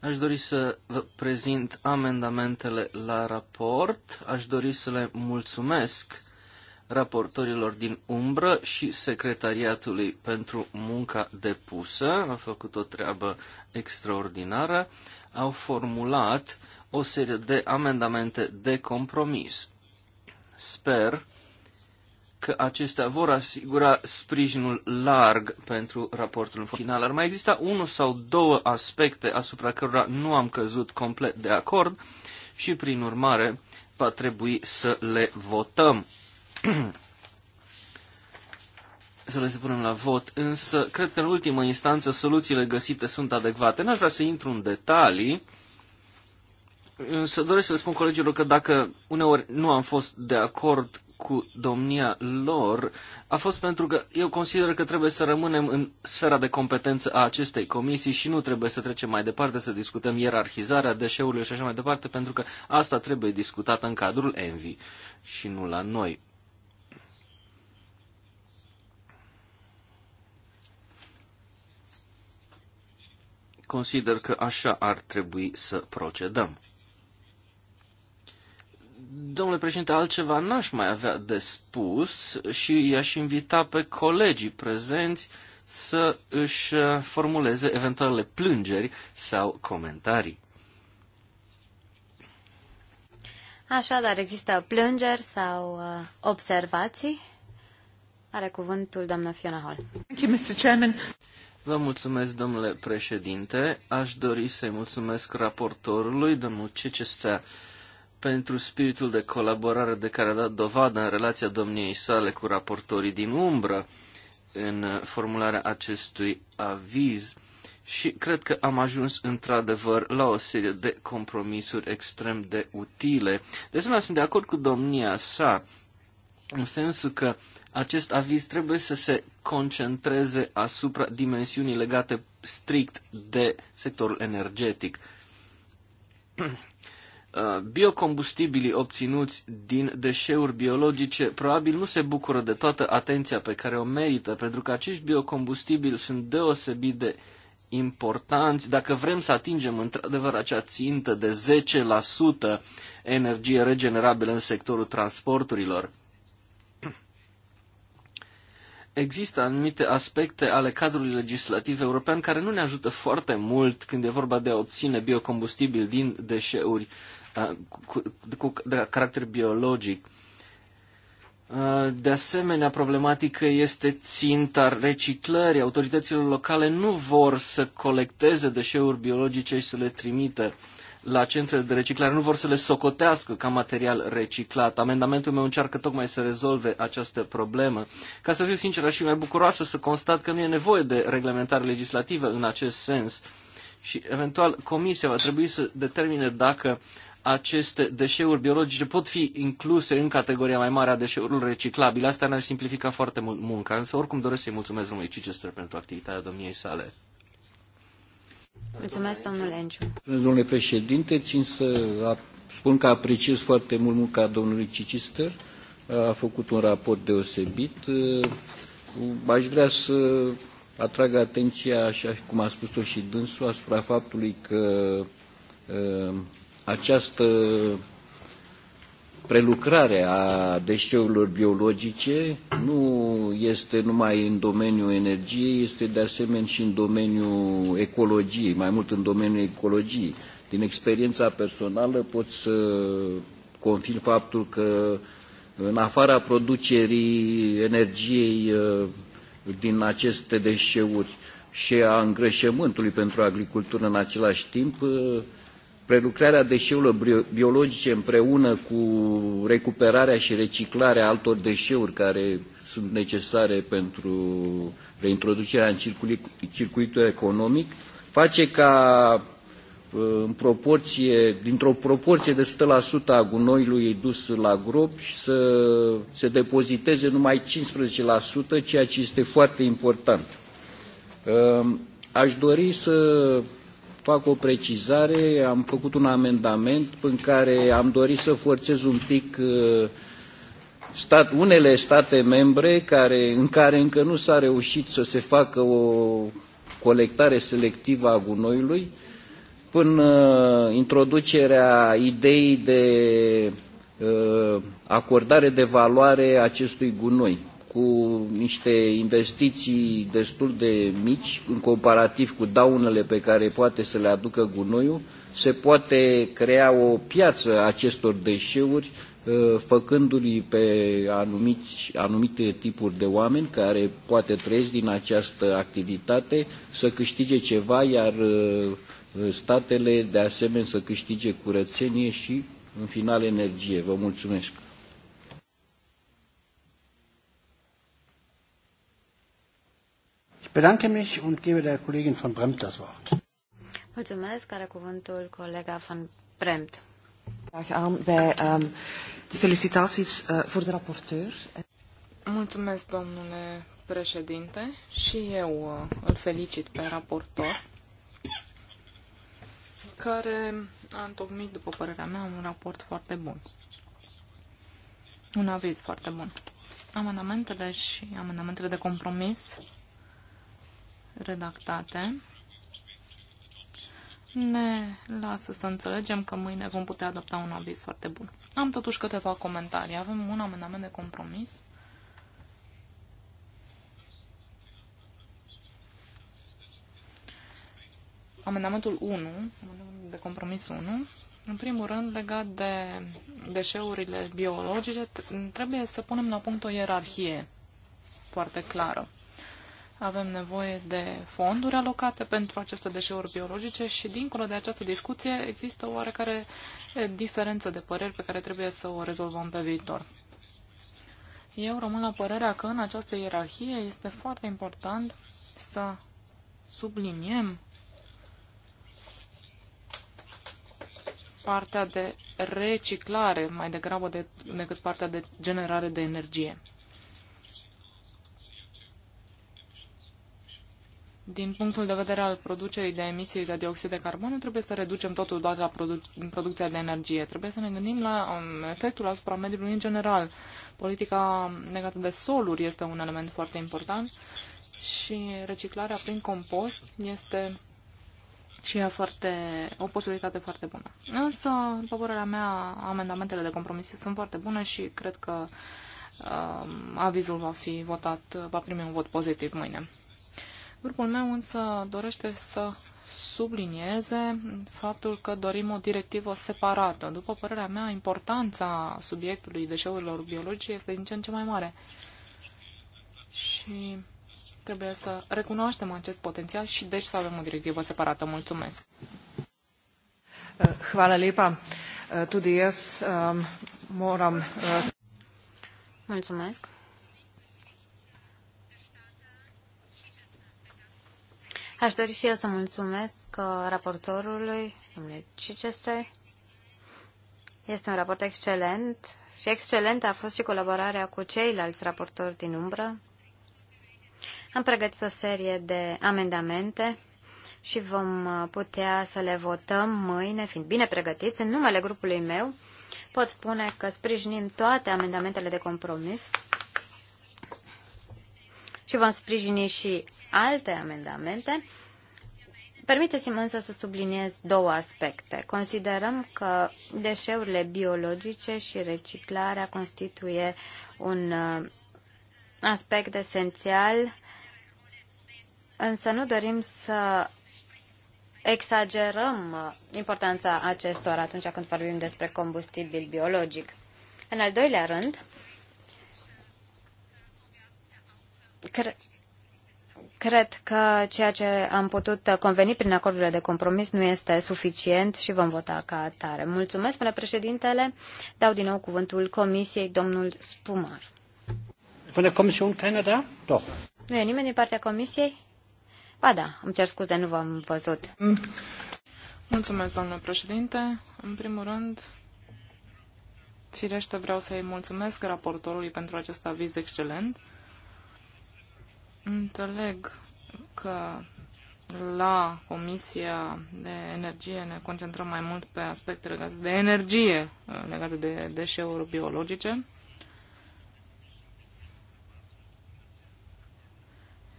Aș dori să vă prezint amendamentele la raport. Aș dori să le mulțumesc raportorilor din umbră și secretariatului pentru munca depusă. Au făcut o treabă extraordinară. Au formulat o serie de amendamente de compromis. Sper că acestea vor asigura sprijinul larg pentru raportul final. Ar mai exista unul sau două aspecte asupra cărora nu am căzut complet de acord și, prin urmare, va trebui să le votăm. [CLEARS THROAT] să le punem la vot, însă cred că în ultimă instanță soluțiile găsite sunt adecvate. N-aș vrea să intru în detalii, însă doresc să le spun colegilor că dacă uneori nu am fost de acord cu domnia lor a fost pentru că eu consider că trebuie să rămânem în sfera de competență a acestei comisii și nu trebuie să trecem mai departe să discutăm ierarhizarea deșeurilor și așa mai departe, pentru că asta trebuie discutată în cadrul ENVI și nu la noi. Consider că așa ar trebui să procedăm. Domnule președinte, altceva n-aș mai avea de spus și i-aș invita pe colegii prezenți să își uh, formuleze eventuale plângeri sau comentarii. Așadar, există plângeri sau uh, observații? Are cuvântul doamna Fiona Hall. Thank you, Mr. Chairman. Vă mulțumesc, domnule președinte. Aș dori să-i mulțumesc raportorului, domnul Cecestea, pentru spiritul de colaborare de care a dat dovadă în relația domniei sale cu raportorii din umbră în formularea acestui aviz și cred că am ajuns într-adevăr la o serie de compromisuri extrem de utile. De asemenea, sunt de acord cu domnia sa în sensul că acest aviz trebuie să se concentreze asupra dimensiunii legate strict de sectorul energetic. Uh, biocombustibilii obținuți din deșeuri biologice probabil nu se bucură de toată atenția pe care o merită, pentru că acești biocombustibili sunt deosebit de importanți dacă vrem să atingem într-adevăr acea țintă de 10% energie regenerabilă în sectorul transporturilor. Există anumite aspecte ale cadrului legislativ european care nu ne ajută foarte mult când e vorba de a obține biocombustibil din deșeuri uh, cu, cu, de caracter biologic. De asemenea, problematică este ținta reciclării. Autoritățile locale nu vor să colecteze deșeuri biologice și să le trimită la centrele de reciclare, nu vor să le socotească ca material reciclat. Amendamentul meu încearcă tocmai să rezolve această problemă. Ca să fiu sinceră și mai bucuroasă să constat că nu e nevoie de reglementare legislativă în acest sens și eventual comisia va trebui să determine dacă aceste deșeuri biologice pot fi incluse în categoria mai mare a deșeurilor reciclabile. Asta ne-ar simplifica foarte mult munca, însă oricum doresc să-i mulțumesc domnului Chichester pentru activitatea domniei sale. Mulțumesc, domnule Enciu. Domnule președinte, țin să spun că apreciez foarte mult munca domnului Chichester. A făcut un raport deosebit. Uh, aș vrea să atrag atenția, așa cum a spus-o și dânsul, asupra faptului că uh, această prelucrare a deșeurilor biologice nu este numai în domeniul energiei, este de asemenea și în domeniul ecologiei, mai mult în domeniul ecologiei. Din experiența personală pot să confirm faptul că în afara producerii energiei ă, din aceste deșeuri și a îngrășământului pentru agricultură în același timp, ă, prelucrarea deșeurilor biologice împreună cu recuperarea și reciclarea altor deșeuri care sunt necesare pentru reintroducerea în circuitul economic, face ca uh, în proporție, dintr-o proporție de 100% a gunoiului dus la gropi să se depoziteze numai 15%, ceea ce este foarte important. Uh, aș dori să fac o precizare. Am făcut un amendament în care am dorit să forțez un pic uh, stat, unele state membre care, în care încă nu s-a reușit să se facă o colectare selectivă a gunoiului, până uh, introducerea ideii de uh, acordare de valoare acestui gunoi cu niște investiții destul de mici, în comparativ cu daunele pe care poate să le aducă gunoiul, se poate crea o piață acestor deșeuri, ă, făcându-i pe anumiți, anumite tipuri de oameni care poate trăiesc din această activitate să câștige ceva, iar ă, statele de asemenea să câștige curățenie și, în final, energie. Vă mulțumesc! bedanke mich und gebe der Kollegin von Bremt das Wort. Mulțumesc, are cuvântul colega von Bremt. Ehm, eh, Mulțumesc, domnule președinte, și eu eh, îl felicit pe raportor, care a întocmit, după părerea mea, un raport foarte bun. Un aviz foarte bun. Amendamentele și amendamentele de compromis redactate ne lasă să înțelegem că mâine vom putea adopta un aviz foarte bun. Am totuși câteva comentarii. Avem un amendament de compromis. Amendamentul 1, de compromis 1, în primul rând, legat de deșeurile biologice, trebuie să punem la punct o ierarhie foarte clară. Avem nevoie de fonduri alocate pentru aceste deșeuri biologice și, dincolo de această discuție, există oarecare diferență de păreri pe care trebuie să o rezolvăm pe viitor. Eu rămân la părerea că în această ierarhie este foarte important să subliniem partea de reciclare mai degrabă de, decât partea de generare de energie. Din punctul de vedere al producerii de emisii de dioxid de carbon, nu trebuie să reducem totul doar la produ producția de energie. Trebuie să ne gândim la um, efectul asupra mediului în general. Politica legată de soluri este un element foarte important și reciclarea prin compost este și e foarte, o posibilitate foarte bună. Însă, după părerea mea, amendamentele de compromis sunt foarte bune și cred că uh, avizul va fi votat, va primi un vot pozitiv mâine. Grupul meu însă dorește să sublinieze faptul că dorim o directivă separată. După părerea mea, importanța subiectului deșeurilor biologice este din ce în ce mai mare. Și trebuie să recunoaștem acest potențial și deci să avem o directivă separată. Mulțumesc! Eh, hvala lepa. Eh, tudi jaz eh, moram... Mulțumesc! Aș dori și eu să mulțumesc uh, raportorului, domnule Ciceste. Este un raport excelent și excelent a fost și colaborarea cu ceilalți raportori din umbră. Am pregătit o serie de amendamente și vom uh, putea să le votăm mâine, fiind bine pregătiți. În numele grupului meu pot spune că sprijinim toate amendamentele de compromis și vom sprijini și alte amendamente. Permiteți-mi însă să subliniez două aspecte. Considerăm că deșeurile biologice și reciclarea constituie un uh, aspect esențial, însă nu dorim să exagerăm uh, importanța acestora atunci când vorbim despre combustibil biologic. În al doilea rând, Cre- Cred că ceea ce am putut conveni prin acordurile de compromis nu este suficient și vom vota ca atare. Mulțumesc, până președintele. Dau din nou cuvântul Comisiei, domnul Spumar. Până comisiune, keine da? Nu e nimeni din partea Comisiei? Ba da, îmi cer scuze, nu v-am văzut. Mulțumesc, domnule președinte. În primul rând, firește vreau să-i mulțumesc raportorului pentru acest aviz excelent Înțeleg că la Comisia de Energie ne concentrăm mai mult pe aspecte legate de energie, legate de deșeuri biologice.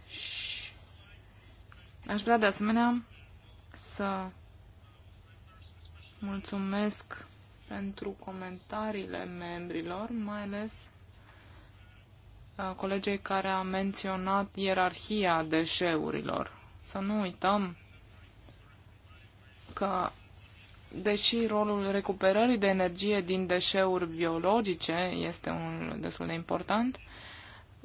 Și aș vrea de asemenea să mulțumesc pentru comentariile membrilor, mai ales colegei care a menționat ierarhia deșeurilor. Să nu uităm că, deși rolul recuperării de energie din deșeuri biologice este unul destul de important,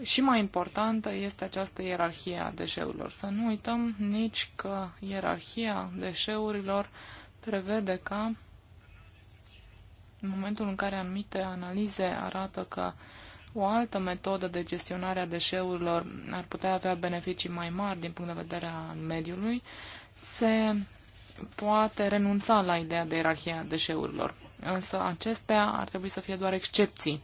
și mai importantă este această ierarhie a deșeurilor. Să nu uităm nici că ierarhia deșeurilor prevede ca în momentul în care anumite analize arată că uh, o altă metodă de gestionare a deșeurilor ar putea avea beneficii mai mari din punct de vedere al mediului. Se poate renunța la ideea de a deșeurilor, însă acestea ar trebui să fie doar excepții.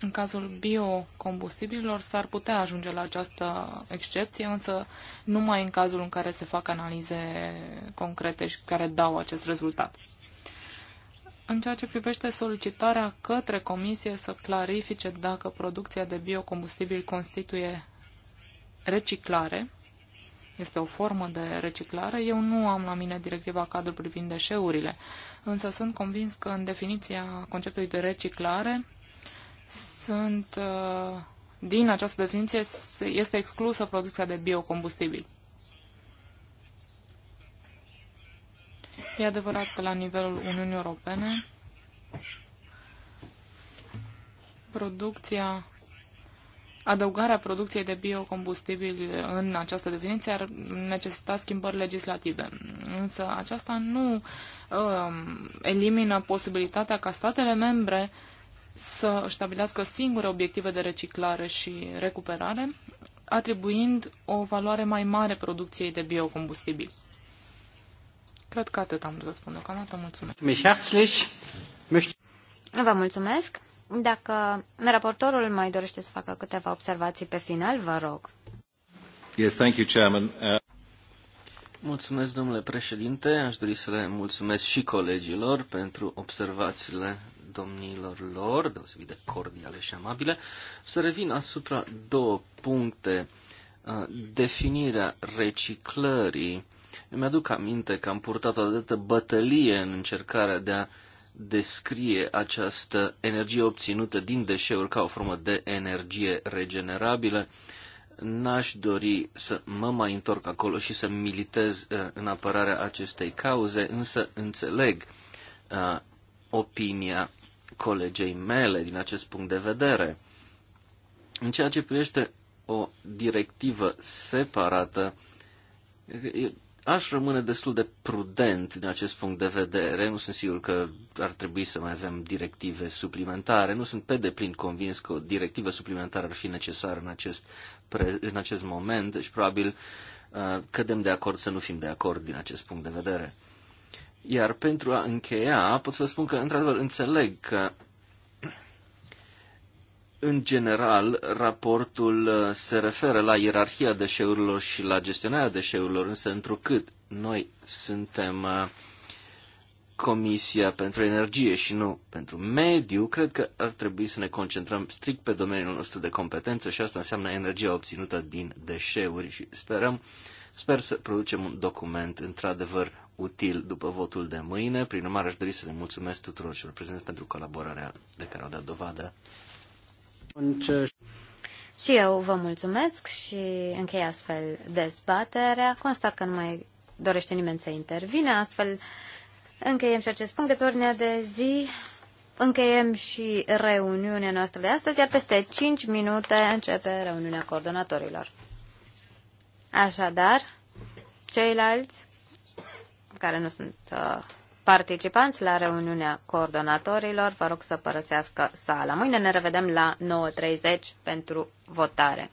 În cazul biocombustibililor s-ar putea ajunge la această excepție, însă numai în cazul în care se fac analize concrete și care dau acest rezultat. În ceea ce privește solicitarea către Comisie să clarifice dacă producția de biocombustibil constituie reciclare, este o formă de reciclare, eu nu am la mine directiva cadru privind deșeurile, însă sunt convins că în definiția conceptului de reciclare sunt, uh, din această definiție este exclusă producția de biocombustibil. E adevărat că la nivelul Uniunii Europene producția, adăugarea producției de biocombustibili în această definiție ar necesita schimbări legislative. Însă aceasta nu uh, elimină posibilitatea ca statele membre să stabilească singure obiective de reciclare și recuperare, atribuind o valoare mai mare producției de biocombustibili. Cred că atât am vrut să spun deocamdată. Mulțumesc. Vă mulțumesc. Dacă raportorul mai dorește să facă câteva observații pe final, vă rog. Yes, thank you, Chairman. Uh... Mulțumesc, domnule președinte. Aș dori să le mulțumesc și colegilor pentru observațiile domnilor lor, deosebit de cordiale și amabile. Să revin asupra două puncte. Uh, definirea reciclării îmi aduc aminte că am purtat o dată bătălie în încercarea de a descrie această energie obținută din deșeuri ca o formă de energie regenerabilă. N-aș dori să mă mai întorc acolo și să militez uh, în apărarea acestei cauze, însă înțeleg uh, opinia colegei mele din acest punct de vedere. În ceea ce privește o directivă separată, aș rămâne destul de prudent din acest punct de vedere. Nu sunt sigur că ar trebui să mai avem directive suplimentare. Nu sunt pe deplin convins că o directivă suplimentară ar fi necesară în acest, pre, în acest moment. Deci, probabil, uh, cădem de acord să nu fim de acord din acest punct de vedere. Iar pentru a încheia, pot să vă spun că, într-adevăr, înțeleg că în general, raportul uh, se referă la ierarhia deșeurilor și la gestionarea deșeurilor, însă întrucât noi suntem uh, Comisia pentru Energie și nu pentru Mediu, cred că ar trebui să ne concentrăm strict pe domeniul nostru de competență și asta înseamnă energia obținută din deșeuri și sperăm, sper să producem un document într-adevăr util după votul de mâine. Prin urmare, aș dori să le mulțumesc tuturor celor prezenți pentru colaborarea de care au dat dovadă. Uh, și eu vă mulțumesc și închei astfel dezbaterea. Constat că nu mai dorește nimeni să intervine, astfel încheiem și acest punct de pe ordinea de zi. Încheiem și reuniunea noastră de astăzi, iar peste 5 minute începe reuniunea coordonatorilor. Așadar, ceilalți care nu sunt uh, participanți la reuniunea coordonatorilor. Vă rog să părăsească sala. Mâine ne revedem la 9.30 pentru votare.